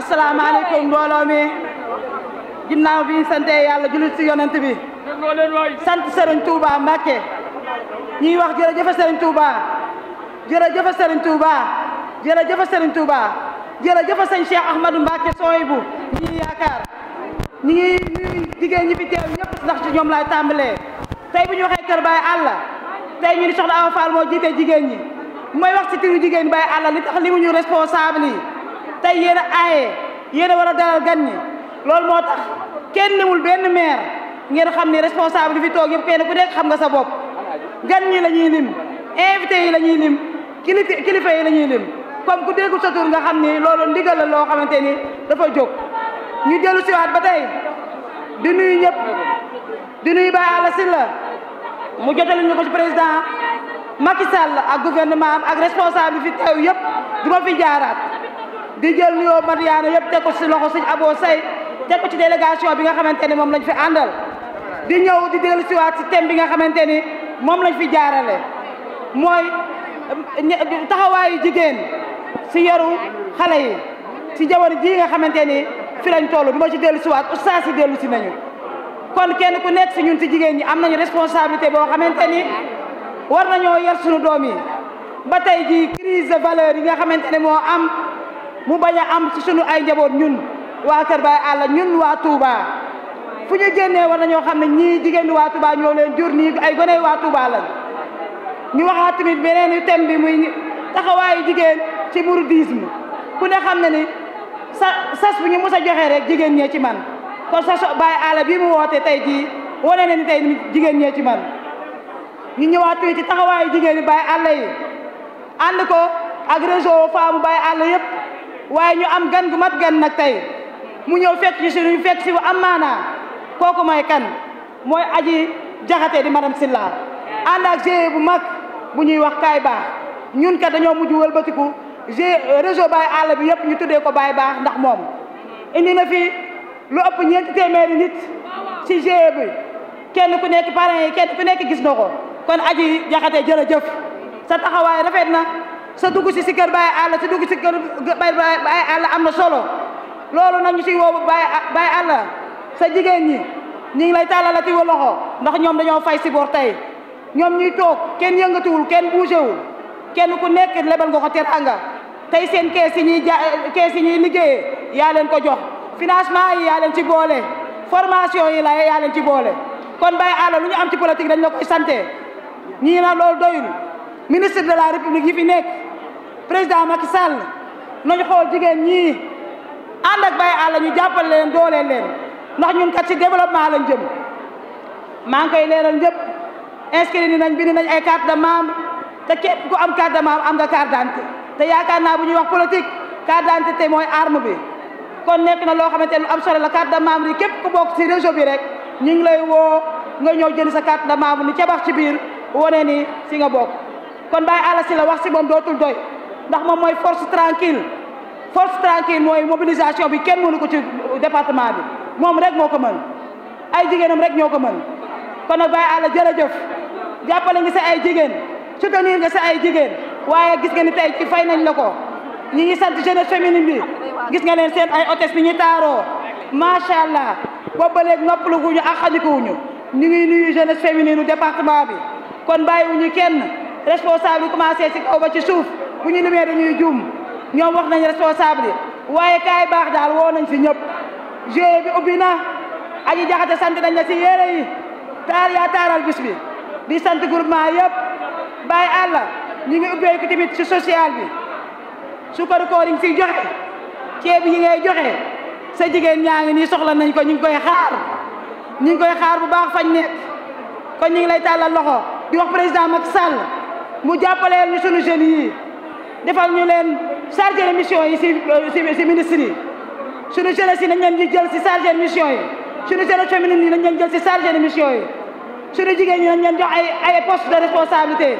asalaamaaleykum mbooloo mi ginnaaw bi sante yàlla jullit si yonent bi sant Serigne Touba Mbacké ñuy wax jërëjëf Serigne Touba jërëjëf Serigne Touba jërëjëf Serigne Touba jërëjëf Serigne Cheikh Ahmadou Mbacké sooy bu ñuy yaakaar ñi ngi nuyu jigéen ñi fi teew ñëpp ndax ci ñoom laay tàmbalee tey bu ñu waxee kër Baye Alla tey ñu ni soxna Awa Fall moo jiite jigéen ñi mooy wax ci turu jigéen Baye Alla li tax li mu ñu responsable yi tey yéen a aaye war a dalal gan ñi loolu moo tax kenn limul benn maire ngeen xam ni responsable bi fi toog yëpp kenn ku nekk xam nga sa bopp gan ñi lañuy ñuy lim invité yi la ñuy lim kilifa yi la ñuy lim comme ku déggu sa tur nga xam ni loolu ndigal la loo xamante ni dafa jóg ñu jëlu ci waat ba tay di nuyu ñep di nuyu Baye Alla Sylla mu jotali ñu ko ci président Macky Sall ak gouvernement ak responsable fi taw yëpp du ma fi jaaraat di jël nuyoo Mariana yëpp teg ko ci loxo suñ Abo Say teg ko ci délégation bi nga xamante mom lañ fi andal di ñëw di dellu ci waat ci tém bi nga xamante mom lañ fi jaarale moy um, taxawayu jigen si yaru xalé yi ci jawar ji nga xamante fi lañ toll du ci dellu si waat oustaz si dellu si nañu kon kenn ku nekk si ñun si jigéen ñi am nañu responsabilité boo xamante ni war nañoo yar suñu doom yi ba tey ji crise de valeur yi nga xamante ne moo am mu bañ a am ci suñu ay njaboot ñun waa Kër Baye Alla ñun waa Touba fu ñu génnee war nañoo xam ne ñii jigéen waa Touba ñoo leen jur nii ay gone waa Touba la ñu waxaat tamit beneen thème bi muy taxawaayu jigéen ci mouridisme ku ne xam ne ni sa sas bu ñu mos a joxee rek jigéen ñee ci man kon sa so bàyyi àlla bi mu wootee tey jii wane na ni tey jigéen ñee ci man ñu ñëwaat tuuti ci taxawaayu jigéen ñi bàyyi àlla yi ànd ko ak réseau faamu bàyyi àlla yëpp waaye ñu am gan gu mat gan nag tey mu ñëw fekk ci suñu fekk si bu am maanaa kooku mooy kan mooy aji jaxate di madame Silla ànd ak GIE bu mag bu ñuy wax kaay baax ñun kat dañoo mujj wëlbatiku g euh, réseau Baye àll bi yëpp ñu tuddee ko Baye baax ndax moom indi na fi lu ëpp ñeenti téeméeri nit si g e bi kenn ku nekk parents yi kenn ku nekk gis na ko kon aji jaxate jërëjëf sa taxawaay rafet na sa dugg si si kër Baye àll sa dugg si kër Baye àll am na solo loolu nag ñu si woo Baye Baye àll sa jigéen ñi ñu ngi lay tàllalati wa loxo ndax ñoom dañoo fay si bor tey ñoom ñuy toog kenn yëngatuwul kenn bougéwul kenn ku nekk lebal nga ko teraanga tey seen kees yi ñuy ja kees yi ñuy liggéeyee yaa leen ko jox financement yi yaa leen ci boole formation yi la yaa leen ci boole kon Baye Alla lu ñu am ci politique dañ la koy sante ñii na lool doyul ministre de la république yi fi nekk président Macky Sall nañu xool jigéen ñii ànd ak Baye Alla ñu jàppale leen doole leen ndax ñun kat ci développement lañ jëm maa ngi koy leeral ñëpp inscrit ni nañ bind nañ ay carte de membre te képp ku am carte de membre am nga carte d'identité te yaakaar naa bu ñuy wax politique carte d'identité mooy arme bi kon nekk na loo xamante ne am solo la carte de membre yi képp ku bokk ci réseau bi rek ñu ngi lay woo nga ñëw jënd sa carte de membre ni ca ci biir wane ni si nga bokk kon Baye Alla la wax si moom dootul doy ndax moom mooy force tranquille force tranquille mooy mobilisation bi kenn mënu ko ci département bi moom rek moo ko mën ay jigéenam rek ñoo ko mën kon na Baye Alla jërëjëf jàppale nga sa ay jigéen soutenir nga sa ay jigéen waaye gis nga ni tey fay nañ la ko ñi ngi sant jeunesse féminine bi gis nga leen seen ay hôtesse bi ñu taaroo macha allah boobu ba léegi noppalu guñu ak xajikuwuñu ñu ngi nuyu jeunesse féminine département bi kon wu ñu kenn responsable yi commencé ci kaw ba ci suuf bu ñu limee dañuy juum ñoom wax nañ responsable yi waaye kaay baax daal woo nañ fi ñëpp GIE bi ubbi na aji jaxate sant nañ la ci yére yi taar yaa taaral bis bi di sant groupement yëpp bàyyi àlla ñu ngi ubbee ko tamit ci social bi sukar koor yi nga fiy joxe ceeb yi ngay joxe sa jigéen ñaa ngi nii soxla nañ ko ñu ngi koy xaar ñu ngi koy xaar bu baax fañ nekk kon ñu ngi lay tàllal loxo di wax président Macky Sall mu jàppaleel ñu sunu jeunes yi defal ñu leen chargé de mission yi si euh, si ministre yi sunu jeunesse yi nañ leen di jël si chargé de mission yi sunu jeunesse féminine yi nañ leen jël si chargé de mission yi sunu jigéen ñi nañ leen jox ay ay poste de responsabilité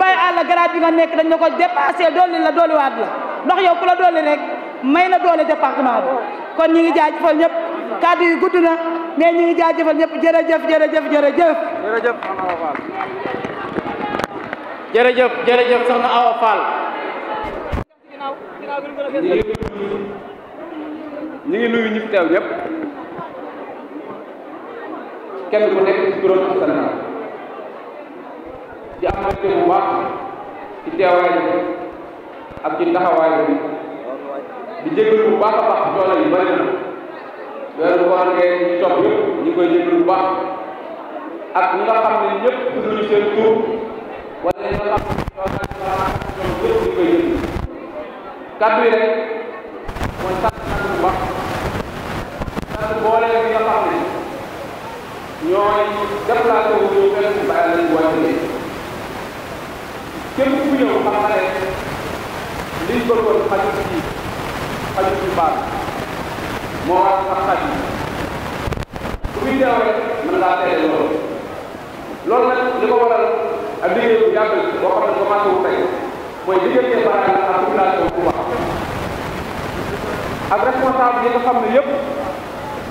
bàyyi àll garaat bi nga nekk dañ la ko dépassé dooli la dooli waat la ndax yow ku la dooli rek may na doole département bi kon ñi ngi jaajëfal ñëpp kàddu yi gudd na mais ñi ngi jaajëfal jëfal jërëjëf jërëjëf jërëjëf jërëjëf jërëjëf jërëjëf soxna Awa Fall ñu ngi nuyu ñi fi teew ñëpp kenn ku nekk di am mbégte bu baax ci teewaay bi ak ci taxawaay bi di jégalu bu baax a baax coono yi bëri na weeru koor ngeen topp yëpp ñu ngi koy jégalu bu baax ak ñi nga xam ne ñëpp tudduñu seen tur wala ñi nga xam ne ñoo naan ñoom ñëpp ñu koy jégalu kaddu yi rek mooy sant nañ bu baax sant boole yi nga xam ne ñooy déplacé wu ñu benn bàyyi lañ wàññi képp ku ñëw xam nga ne liñ bëggoon xajul ci xajul ci baax moo wax sax xaj yi bu muy teew rek mën ngaa tere loolu loolu nag li ko waral ak liggéey bu yàgg boo xam ne commencé wu tey mooy diggante baaraan ak population bu baax ak responsable yi nga xam ne yëpp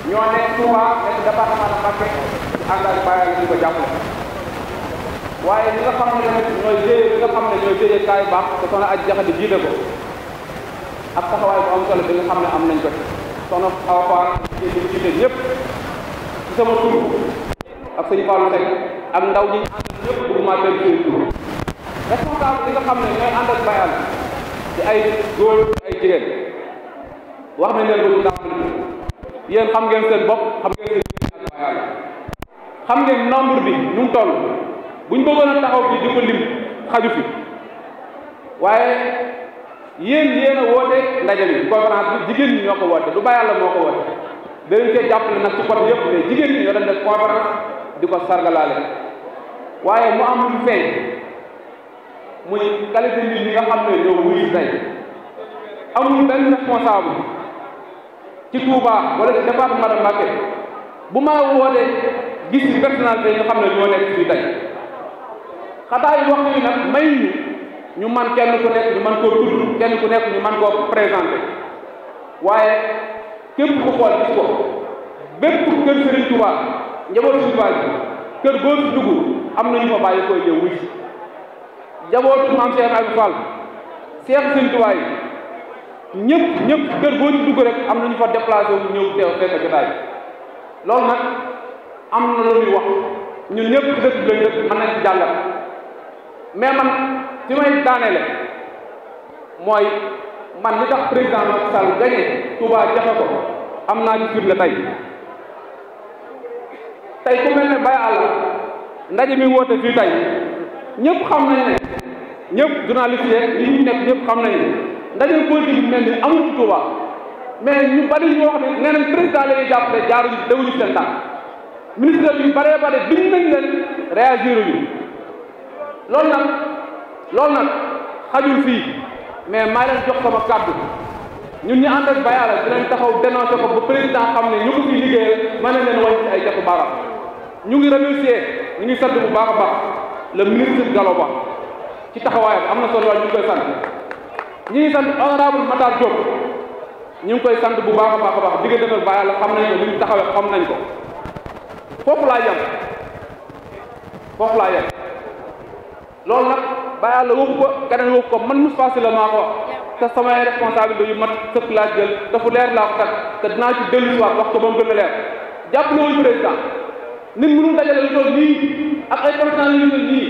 ñoo nekk Touba nekk département de Mbacké ci engagement yi ñu ko jàppale waaye li nga xam ne tamit ñooy déye xam ne ñooy déye kaay baax te soxna aj jaxate jiite ko ak taxawaay bu am solo bi nga xam am ak ndaw ñi ànd ñëpp bugguma benn seen tur responsable li nga xam ne ñooy ànd ak bayal di ay góor ay jigéen wax nañ leen bu ndax yéen xam ngeen seen bopp xam ngeen seen ak xam ngeen nombre bi ñu mu buñ bëggoon na taxaw fii di ko lim xaju fi waaye yéen yéen woote ndaje mi conférence bi jigéen ñi ñoo ko woote du bàyyi la moo ko woote danañ cee jàppale nag ci côté yëpp mais jigéen ñi ñoo doon def di ko sargalaale waaye mu am lu feeñ muy qualité nit ñi nga xam ne ñoo wuyu tey amul benn responsable ci Touba wala ci département de Mbacké bu ma wootee gis ci personnalité yi nga xam ne ñoo nekk fii tey xadaa yi waxtu yi ñu man kenn ku nekk ñu man koo tudd kenn ku ñu man koo présenté waaye képp ku xool gis bépp kër Serigne Touba njabootu Serigne Touba kër boo ci dugg am na ñu fa bàyyi koy ñëw wuy si njabootu maam Cheikh Aliou Fall Cheikh Serigne ñëpp ñëpp kër boo ci dugg rek am na ñu fa déplacé wu ñëw teew fekk ñëpp dëkk lañ dëkk mën nañ mais man fi may daaneele mooy man li tax président Macky Sall gagné Touba jafe ko am naa ci firnde tey tey ku mel ne Baye Alla ndaje mi woote fii tey ñëpp xam nañ ne ñëpp journaliste yi ñu nekk ñëpp xam nañ ne ndaje politique bi mel ni amul ci Touba mais ñu bari ñoo xam ne nee nañ président la ñuy jàppale jaaruñu dawuñu seen tànk ministre bi baree bare biñ leen réagir loolu nag loolu nag xajul fii mais maa leen jox sama kàddu ñun ñu ànd ak Bayal dinañ taxaw dénoncé ko ba président xam ne ñu ko fi liggéeyal mën na leen wàññi ci ay jotu baaraam ñu ngi remercier ñu ngi sant bu baax a baax le ministre Gallo Ba ci taxawaay am na solo waaye ñu ngi koy sant ñu ngi sant honorable Matar Diop ñu ngi koy sant bu baax a baax a baax diggante ak Bayal xam nañ ko li ñu taxawee xam nañ ko foofu laa yem foofu laa yem. loolu nag bàyyi la waxu ko keneen waxu ko man Moustapha Sylla maa ko wax te samay responsabilité yu mat sëkk laa jël te fu leer laa ko tag te dinaa ko ba mu jàpp loolu président nit mënul dajale lu toll nii ak ay président yu mel nii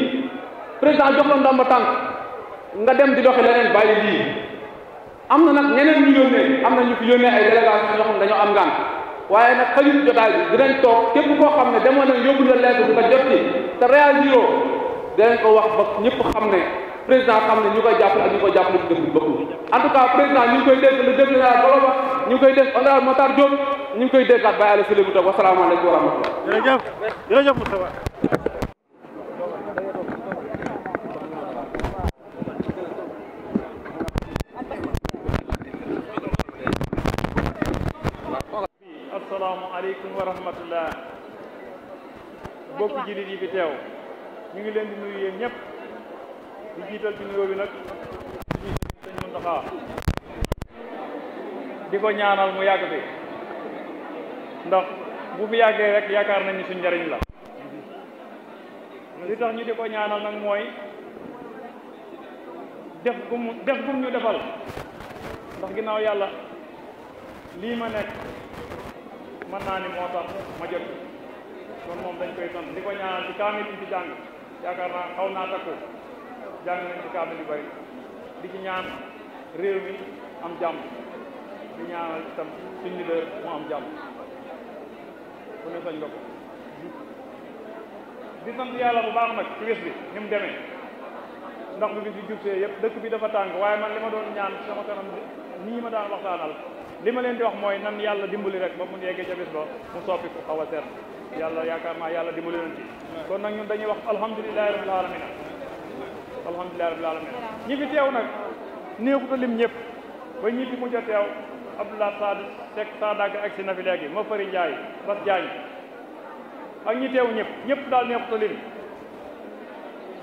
président jox la ndomba tànk nga dem di doxi leneen bàyyi lii am na nag ñeneen ñu yónnee am na ñu fi yónnee ay délégation yoo xam ne dañoo am ngaan waaye nag xajul jotaay bi dinañ toog képp koo xam ne demoon na yóbbu la lettre bu nga jot ci te réagiroo danañ ko wax ba ñëpp xam ne président xam ne ñu koy jàppale ak ñu koy jàppale ci dëkk bi bokkul en tout cas président ñu ngi koy dégg le député général Bolo wax ñu ngi koy dégg honorable Matar Diop ñu ngi koy déggaat Baye Alla Sylla bu toog wasalaamaaleykum wa rahmatullah jërëjëf jërëjëf Moustapha asalaamaaleykum wa rahmatullah bokk jullit yi fi teew ñu ngi leen di nuyu yéen ñëpp di jiital ci nuyoo bi nag di ko ñaanal mu yàgg fi ndax bu fi yàggee rek yaakaar nañ ni suñ njariñ la li tax ñu di ko ñaanal nag mooy def gum def gum ñu defal ndax ginnaaw yàlla lii ma nekk mën naa ni moo tax ma jot kon moom dañ koy sant di ko ñaanal ci kaamil bi ci jàng yaakaar naa xaw naa takku jàng nañ ci kaamil yu bari di ci ñaan réew mi am jàmm di ñaanal itam suñu leader mu am jàmm ku ne sañ nga ko di sant yàlla bu baax nag ci wis bi ni mu demee ndax bu bis bi jubsee yëpp dëkk bi dafa tàng waaye man li ma doon ñaan sama kanam nii ma daan waxtaanal li ma leen di wax mooy nan yàlla dimbali rek ba mun yeggee ca bis mu soppi ku xaw a seet yàlla yaakaar naa yàlla dimbali nañ ci kon nag ñun dañuy wax alhamdulilahi rabbil alamin alhamdulilahi rabbil alamin ñi fi teew nag néexuta lim ñëpp ba ñi fi mujj a teew Abdoulaye Sad Seck Sadak ak si na fi léegi ma fari jaay Bas Diagne ak ñi teew ñëpp ñëpp daal néexuta lim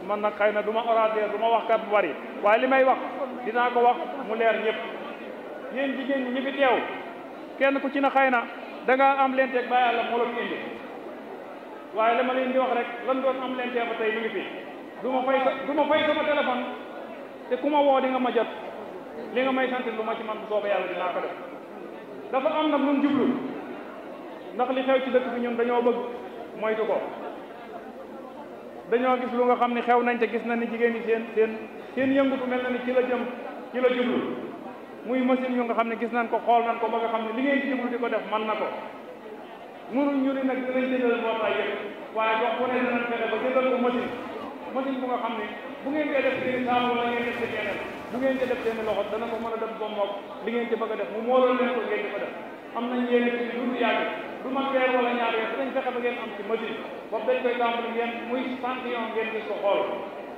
man nag xëy na du ma orateur ma wax kat bu waaye li wax dinaa ko wax mu leer ñëpp yéen jigéen ñi ñi fi teew kenn ku ci na xëy na da ngaa am lenteeg ba yàlla moo la fi indi waaye dama leen di wax rek lan doon am lentee ba tey mi ngi fi du ma fay du sama téléphone te ku ma woo di nga ma jot li nga may sant lu ma man bu soobee yàlla dinaa ko def dafa am nag nun jublu ndax li xew ci dëkk bi ñun dañoo bëgg moytu ko dañoo gis lu nga xam ne xew nañ te gis na ni jigéen ñi seen seen seen yëngutu mel na ni ci la jëm ci la jublu muy machine yu nga xam ne gis nañ ko xool nañ ko ba nga xam ne li ngeen ci jublu di ko def mën na ko mënuñ ñu ne nag dinañ jëndal mbootaay yëpp waaye wax ku ne danañ fexe ba jëndal ko machine bu nga xam bu ngeen def seen saabu wala ngeen bu ngeen koy def seen loxo dana ko mën a def ba mook li ngeen ci bëgg a def mu moo leen ko ngeen di ko def am nañ yéene ci dund yàgg du ma weer wala ñaar weer dinañ fexe ba ngeen am ci machine boobu dañ koy tàmbali ngeen muy santillon ngeen gis ko xool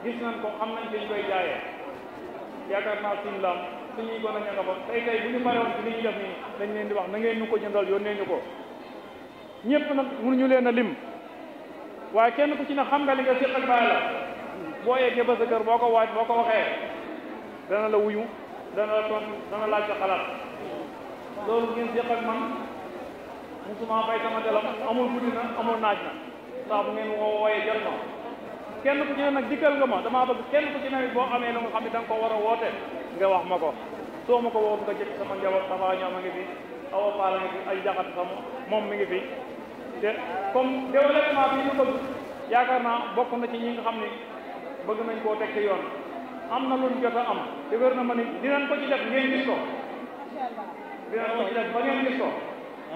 gis nañ ko xam nañ fi ñu koy jaayee yaakaar naa suñu lam suñuy gone ña nga fa tey tey bu ñu parewoon ci li ñu def nii dañ leen di wax na ngeen ñu ko jëndal yónnee ñu ko ñëpp nag mënuñu leen a lim waaye kenn ku ci ne xam nga li nga séq ak baay la boo yeggee ba sa boo ko waaj boo ko waxee dana la wuyu dana la tontu dana laaj sa xalaat loolu ngeen séq ak man musuma fay sama téléphone amul guddi na amul naaj na saa bu ngeen woo wooyee jël kenn ku ci ne nag dikkal nga ma damaa bëgg kenn ku ci ne boo amee lu nga xam ne da ko war a woote nga wax ma ko soo ma ko woo nga jëkk sama njaboot sa ñoom ma ngi fi Awa Fall a ngi fi ay jaxat sama moom mi ngi fi te comme développement bi ñu bëgg yaakaar naa bokk na ci ñi nga xam ne bëgg nañ koo teg ci yoon am na luñ jot a am te wér na ma ni dinañ ko ci def ngeen gis ko dinañ ko ci def ba ngeen gis ko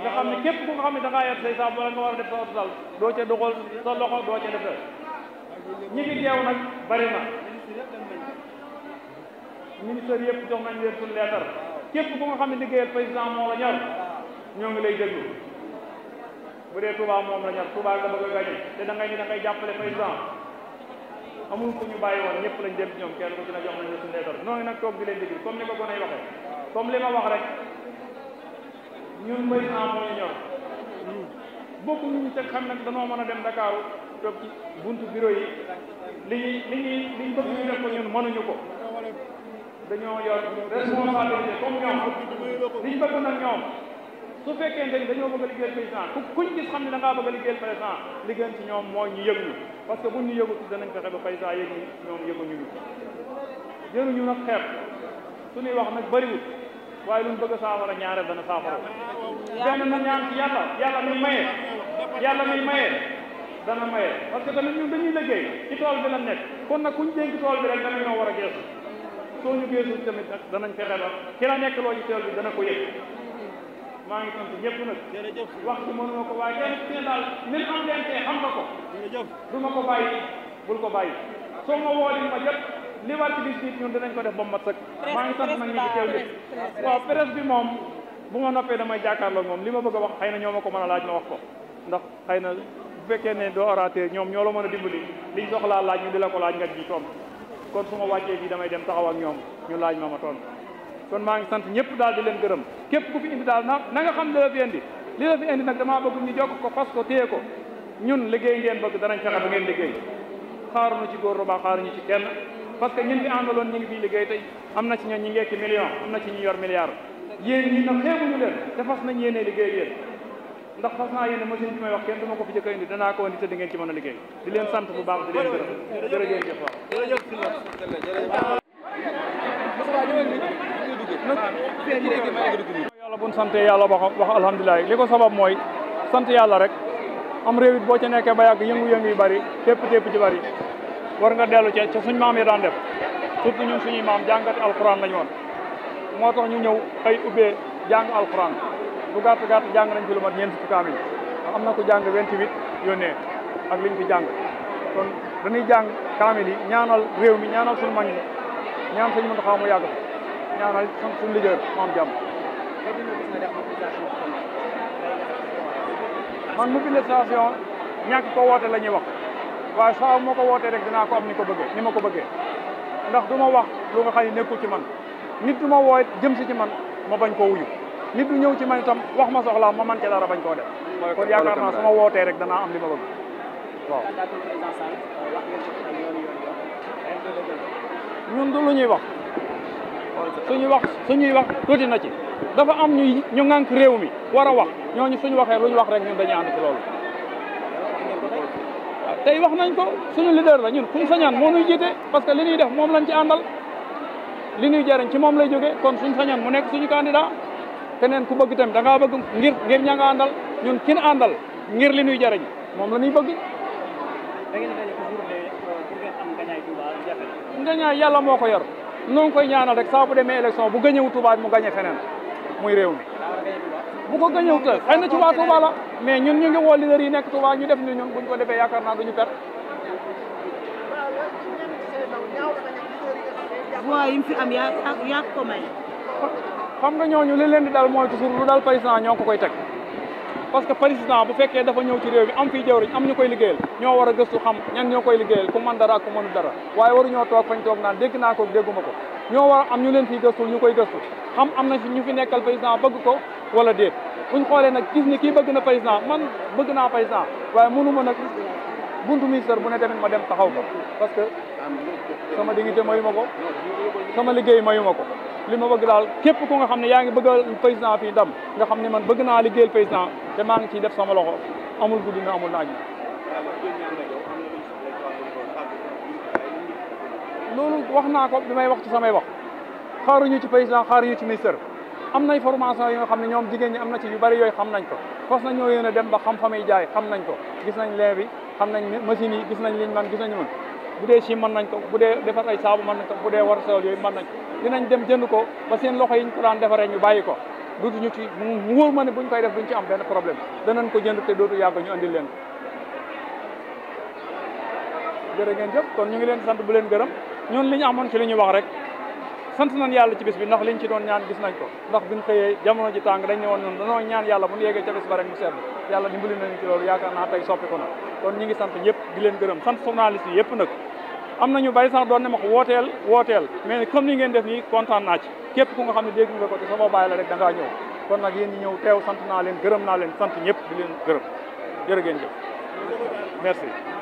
nga xam ne képp ku nga xam ne da ngaa yor say saabu wala nga war a def sa hôpital doo ca doxal sa loxo doo ca def ñi fi teew nag bari ministère yëpp jox nañ leen suñu leetar képp ku nga xam ne liggéeyal président moo la ñor ñoo ngi lay déglu bu dee Touba moom la ñor Touba nga bëgg a gañe te da ngay ni da ngay jàppale président amul ku ñu bàyyi woon ñëpp lañ dem ñoom kenn ko ci ne jox nañ la suñu leetar noo ngi nag toog di leen déglu comme ni ko gone waxee comme li ma wax rek ñun président moo la ñor bokku ñu te xam nag danoo mën a dem Dakar toog ci buntu bureau yi li ñuy li ñuy bëgg ñu def ko dañoo yor responsabilité comme ñoom liñ bëgg nag ñoom su fekkee ne dañoo bëgg a liggéeyal président ku xam ne da ngaa bëgg a liggéeyal président liggéeyal ci ñoom mooy ñu yëg ñu parce que buñ ñu yëgu ci danañ fexe ba président yëg ñu ñoom yëguñu ñu jëruñu nag xeeb suñuy wax nag bëriwut waaye luñ bëgg a saafara ñaare dana saafara benn na ñaan ci yàlla yàlla muy maye yàlla muy maye dana maye parce que tamit ñun dañuy liggéey ci tool bi la nekk kon nag kuñ dénk tool bi rek dana ñoo war a geesu soo ñu génnul tamit nag danañ fexe ba ki la nekk loo ci teel bi dana ko yëg maa ngi sant ñëpp nag wax ci ma ko waaye kenn ci ne daal am dente xam nga ko du ma ko bàyyi bul ko bàyyi soo ma woo ma yëpp li bi siit bis bi ñun dinañ ko def ba mu mat sëkk maa ngi sant nag ñi ci teew bi waaw presse bi moom bu ma noppee damay jàkkaarloo moom li ma bëgg a wax xëy na ñoo ma ko mën a laaj ma wax ko ndax xëy na bu fekkee ne doo orateur ñoom ñoo la mën a dimbali liñ soxlaa laaj ñu di la ko laaj nga ji toom kon su ma wàccee fii damay dem taxaw ak ñoom ñu laaj ma ma tontu kon maa ngi sant ñëpp daal di leen gërëm képp ku fi indi daal na na nga xam li fi indi li fi indi nag damaa bëgg ñu jokk ko fas ko téye ko ñun liggéey ngeen bëgg danañ fexe ba ngeen liggéey xaaruñu ci góor ba xaaruñu ci kenn parce que ñun fi àndaloon ñu ngi fiy liggéey tey am na ci ñoo ñi ngekki million am na ci ñu yor milliard yéen ñi nag xeebuñu leen te fas nañ yéenee liggéey yéen ndax fas naa yéene machine ci may wax kenn dama ko fi jëkk indi danaa ko indi te di ngeen ci mën a liggéey di leen sant bu baax di leen gërëm jërëjëf waaw yàlla yàlla wax wax alhamdulilah li ko sabab mooy sant yàlla rek am réew it boo ca nekkee ba yàgg yëngu-yëngu yu bari tépp tépp ci bari war nga dellu ca ca suñ maam yi ya daan def surtout ñun suñuy maam jàngati alquran bu gàtt gàtt jàng nañ fi lu mat ñeent am na ku jàng 28 yónnee ak liñ fi jàng dañuy jàng kaamil yi ñaanal réew mi ñaanal suñu mag ñi ñaan sëñ Muntaxa mu yàgg fa ñaanal suñu leader mu am jàmm man mobilisation ñàkk ko woote la wax waaye saa moo ko wootee rek dinaa ko am ni ko bëggee ni ma ko bëggee ndax du ma wax lu nga xam ne ci man nit du ma jëm si ci man ma bañ koo wuyu nit du ñëw ci man itam wax ma soxlaa ma man ca dara bañ koo def kon yaakaar naa su ma wootee rek danaa am li ma bëgg waaw euh, ñun du ñuy wax suñuy wax suñuy wax tuuti na ci dafa am ñu ñu ŋànk réew mi war a wax ñooñu suñu waxee lu ñu wax rek ñun dañuy ànd ci loolu tey wax nañ ko suñu leader la ñun kuñ sañaan moom nuy jiite parce que li ñuy def moom lañ ci àndal li ñuy jariñ ci moom lay jóge kon suñ sañaan mu nekk suñu candidat keneen ku bëgg tamit da ngaa bëgg ngir ngir ña nga àndal ñun kin àndal ngir li ñuy jariñ moom la ñuy bëgg. Euh, ngañaay yàlla moo ko yor noo ngi koy ñaanal rek saa bu demee élection bu gañëwu Touba mu gañe feneen muy réew mi bu ko gañëwu te xëy na ci mais ñun ñu ngi woo leader yi nekk Touba ñu def ni ñun buñ ko defee yaakaar naa duñu perte yi mu am yaa yaa xam nga ñooñu li leen di dal mooy toujours lu dal président ñoo ko koy teg parce que président bu fekkee dafa ñëw ci réew mi am fii jawriñ am ñu koy liggéeyal ñoo war a gëstu xam ñan ñoo koy liggéeyal ku mën dara ak ku mënu dara waaye waru ñoo toog fañ toog naan dégg naa ko dégguma ko ñoo war a am ñu leen fii gëstul ñu koy gëstu xam am na fi ñu fi nekkal président bëgg ko wala déet buñ xoolee nag gis ni kii bëgg na président man bëgg naa président waaye mënu ma nag buntu ministère bu ne tamit ma dem taxaw ko parce que sama dignité mayu ma ko sama liggéey mayu ma ko li ma bëgg daal képp ko nga xam ne yaa ngi bëggal président fii ndam nga xam ne man bëgg naa liggéeyal président te maa ngi ciy def sama loxo amul guddi na amul naaj loolu wax naa ko bi may wax ci samay wax xaaruñu ci président xaaruñu ci ministère am nay formation yi nga xam ne ñoom jigéen ñi am na ci yu bari yooyu xam nañ ko fas na ñëw yéen dem ba xam fa muy jaay xam nañ ko gis nañ lee bi xam nañ machines yi gis nañ liñ man gis nañu mën bu dee si mën nañ ko bu dee defar ay saabu mën nañ ko bu dee war sewal yooyu mën nañ ko dinañ dem jënd ko ba seen loxo yi ñu ko defaree ñu bàyyi ko dootu ñu ci mu wóor ma ne buñ koy def duñ ci am benn problème danañ ko jënd te dootu yàgg ñu andil leen ko jërë ngeen jëf ñu leen sant bu leen gërëm ñun li ñu amoon ci li ñu wax rek sant nañ yàlla ci bis bi ndax liñ ci doon ñaan gis nañ ko ndax biñ xëyee jamono ji tàng dañ ne woon ñun danoo ñaan yàlla bu ñu yeggee ca bis ba rek mu sedd yàlla dimbali nañu ci loolu naa tey soppi ko na kon ñu ngi sant ñëpp di leen gërëm sant journaliste yi yëpp nag am na ñu bari sax doon ne ma ko wooteel wooteel mais comme ni ngeen def nii kontaan naa képp ku nga xam ne dégg nga ko te sama baay la rek da ngaa ñëw kon nag yéen ñëw teew sant naa leen gërëm naa leen sant ñëpp di leen gërëm jërë ngeen merci